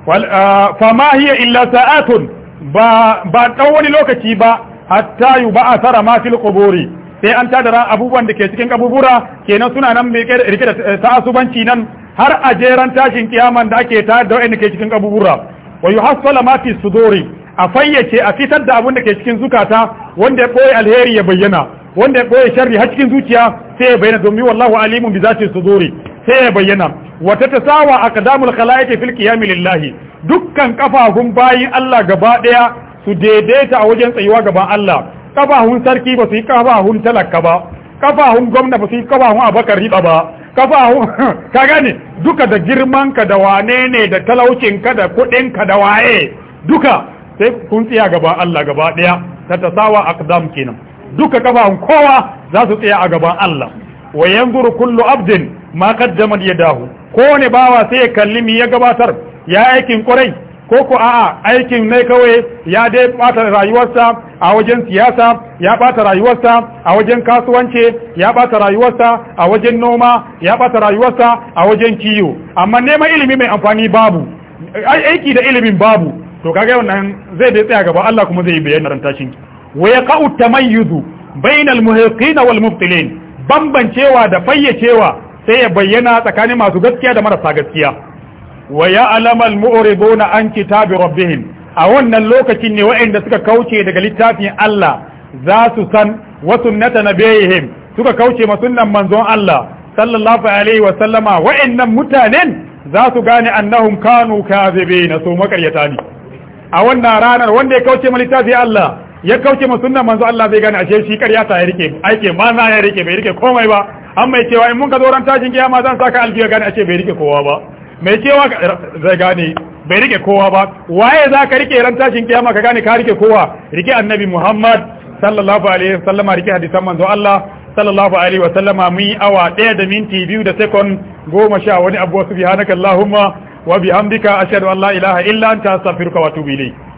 Ah, fama hiya illa sa'atun ba ɗan wani lokaci ba hatta a ma fil kuburi sai an tada abubuwan da ke cikin kabubura kenan suna nan rike da eh, ta'asubanci nan har a jeran tashin kiyaman da ake tayar da wa'anda ke cikin kabubura wa yuhassala ma fi suduri a fayyace a fitar da abun da ke cikin zukata wanda ya koyi alheri ya bayyana wanda ya koyi sharri har cikin zuciya sai ya bayyana domin wallahu alimun bi zati suduri sai ya bayyana wata tasawa aqdamul khalaiqi fil qiyam lillahi dukkan kafafun bayin Allah gaba daya su daidaita a wajen tsayuwa gaban Allah kafafun sarki ba su yi kafafun talaka ba kafafun gwamna ba su yi kafafun abakar riba ba kafafun (laughs) ka gane duka da girman ka da wane ne da talaucin ka da kudin ka da waye duka sai kun tsaya gaban Allah gaba daya ta tasawa aqdam kenan duka kafafun kowa za su tsaya a gaban Allah wa yanzuru kullu abdin ma qaddamat yadahu kowane bawa sai ya kalli mi ya gabatar ya aikin kwarai ko ko a'a aikin ne kawai ya dai bata rayuwarsa a wajen siyasa ya bata rayuwarsa a wajen kasuwanci ya bata rayuwarsa a wajen noma ya bata rayuwarsa a wajen kiyo amma neman ilimi mai amfani babu aiki da ilimin babu to kaga wannan zai dai tsaya gaba Allah kuma zai bayyana ran tashin wa yaqa'u tamayyuzu bainal muhiqin wal mubtilin bambancewa da fayyacewa sai ya bayyana tsakanin masu gaskiya da marasa gaskiya wa alamal al na an kitabi rabbihim a wannan lokacin ne waɗanda suka kauce daga littafin Allah za su san wa sunnata nabiyihim suka kauce ma sunnan manzon Allah sallallahu alaihi wa sallama waɗannan mutanen za su gane annahum kanu kadhibina so makaryata ne a wannan ranar wanda ya kauce ma littafin Allah ya kauce ma sunnan manzon Allah zai gane ashe shi karyata ya rike aike ma na ya rike bai rike komai ba an mai cewa in mun ka zo ran tashin kiyama zan saka aljiya gane a ce bai rike kowa ba mai cewa zai gane bai rike kowa ba waye za ka rike ran tashin kiyama ka gane ka rike kowa rike annabi muhammad sallallahu alaihi wasallam rike hadisan manzo Allah sallallahu alaihi wasallam mun awa 1 da minti 2 da second goma sha wani abu subhanakallahumma wa bihamdika ashhadu an la ilaha illa anta astaghfiruka wa atubu ilayk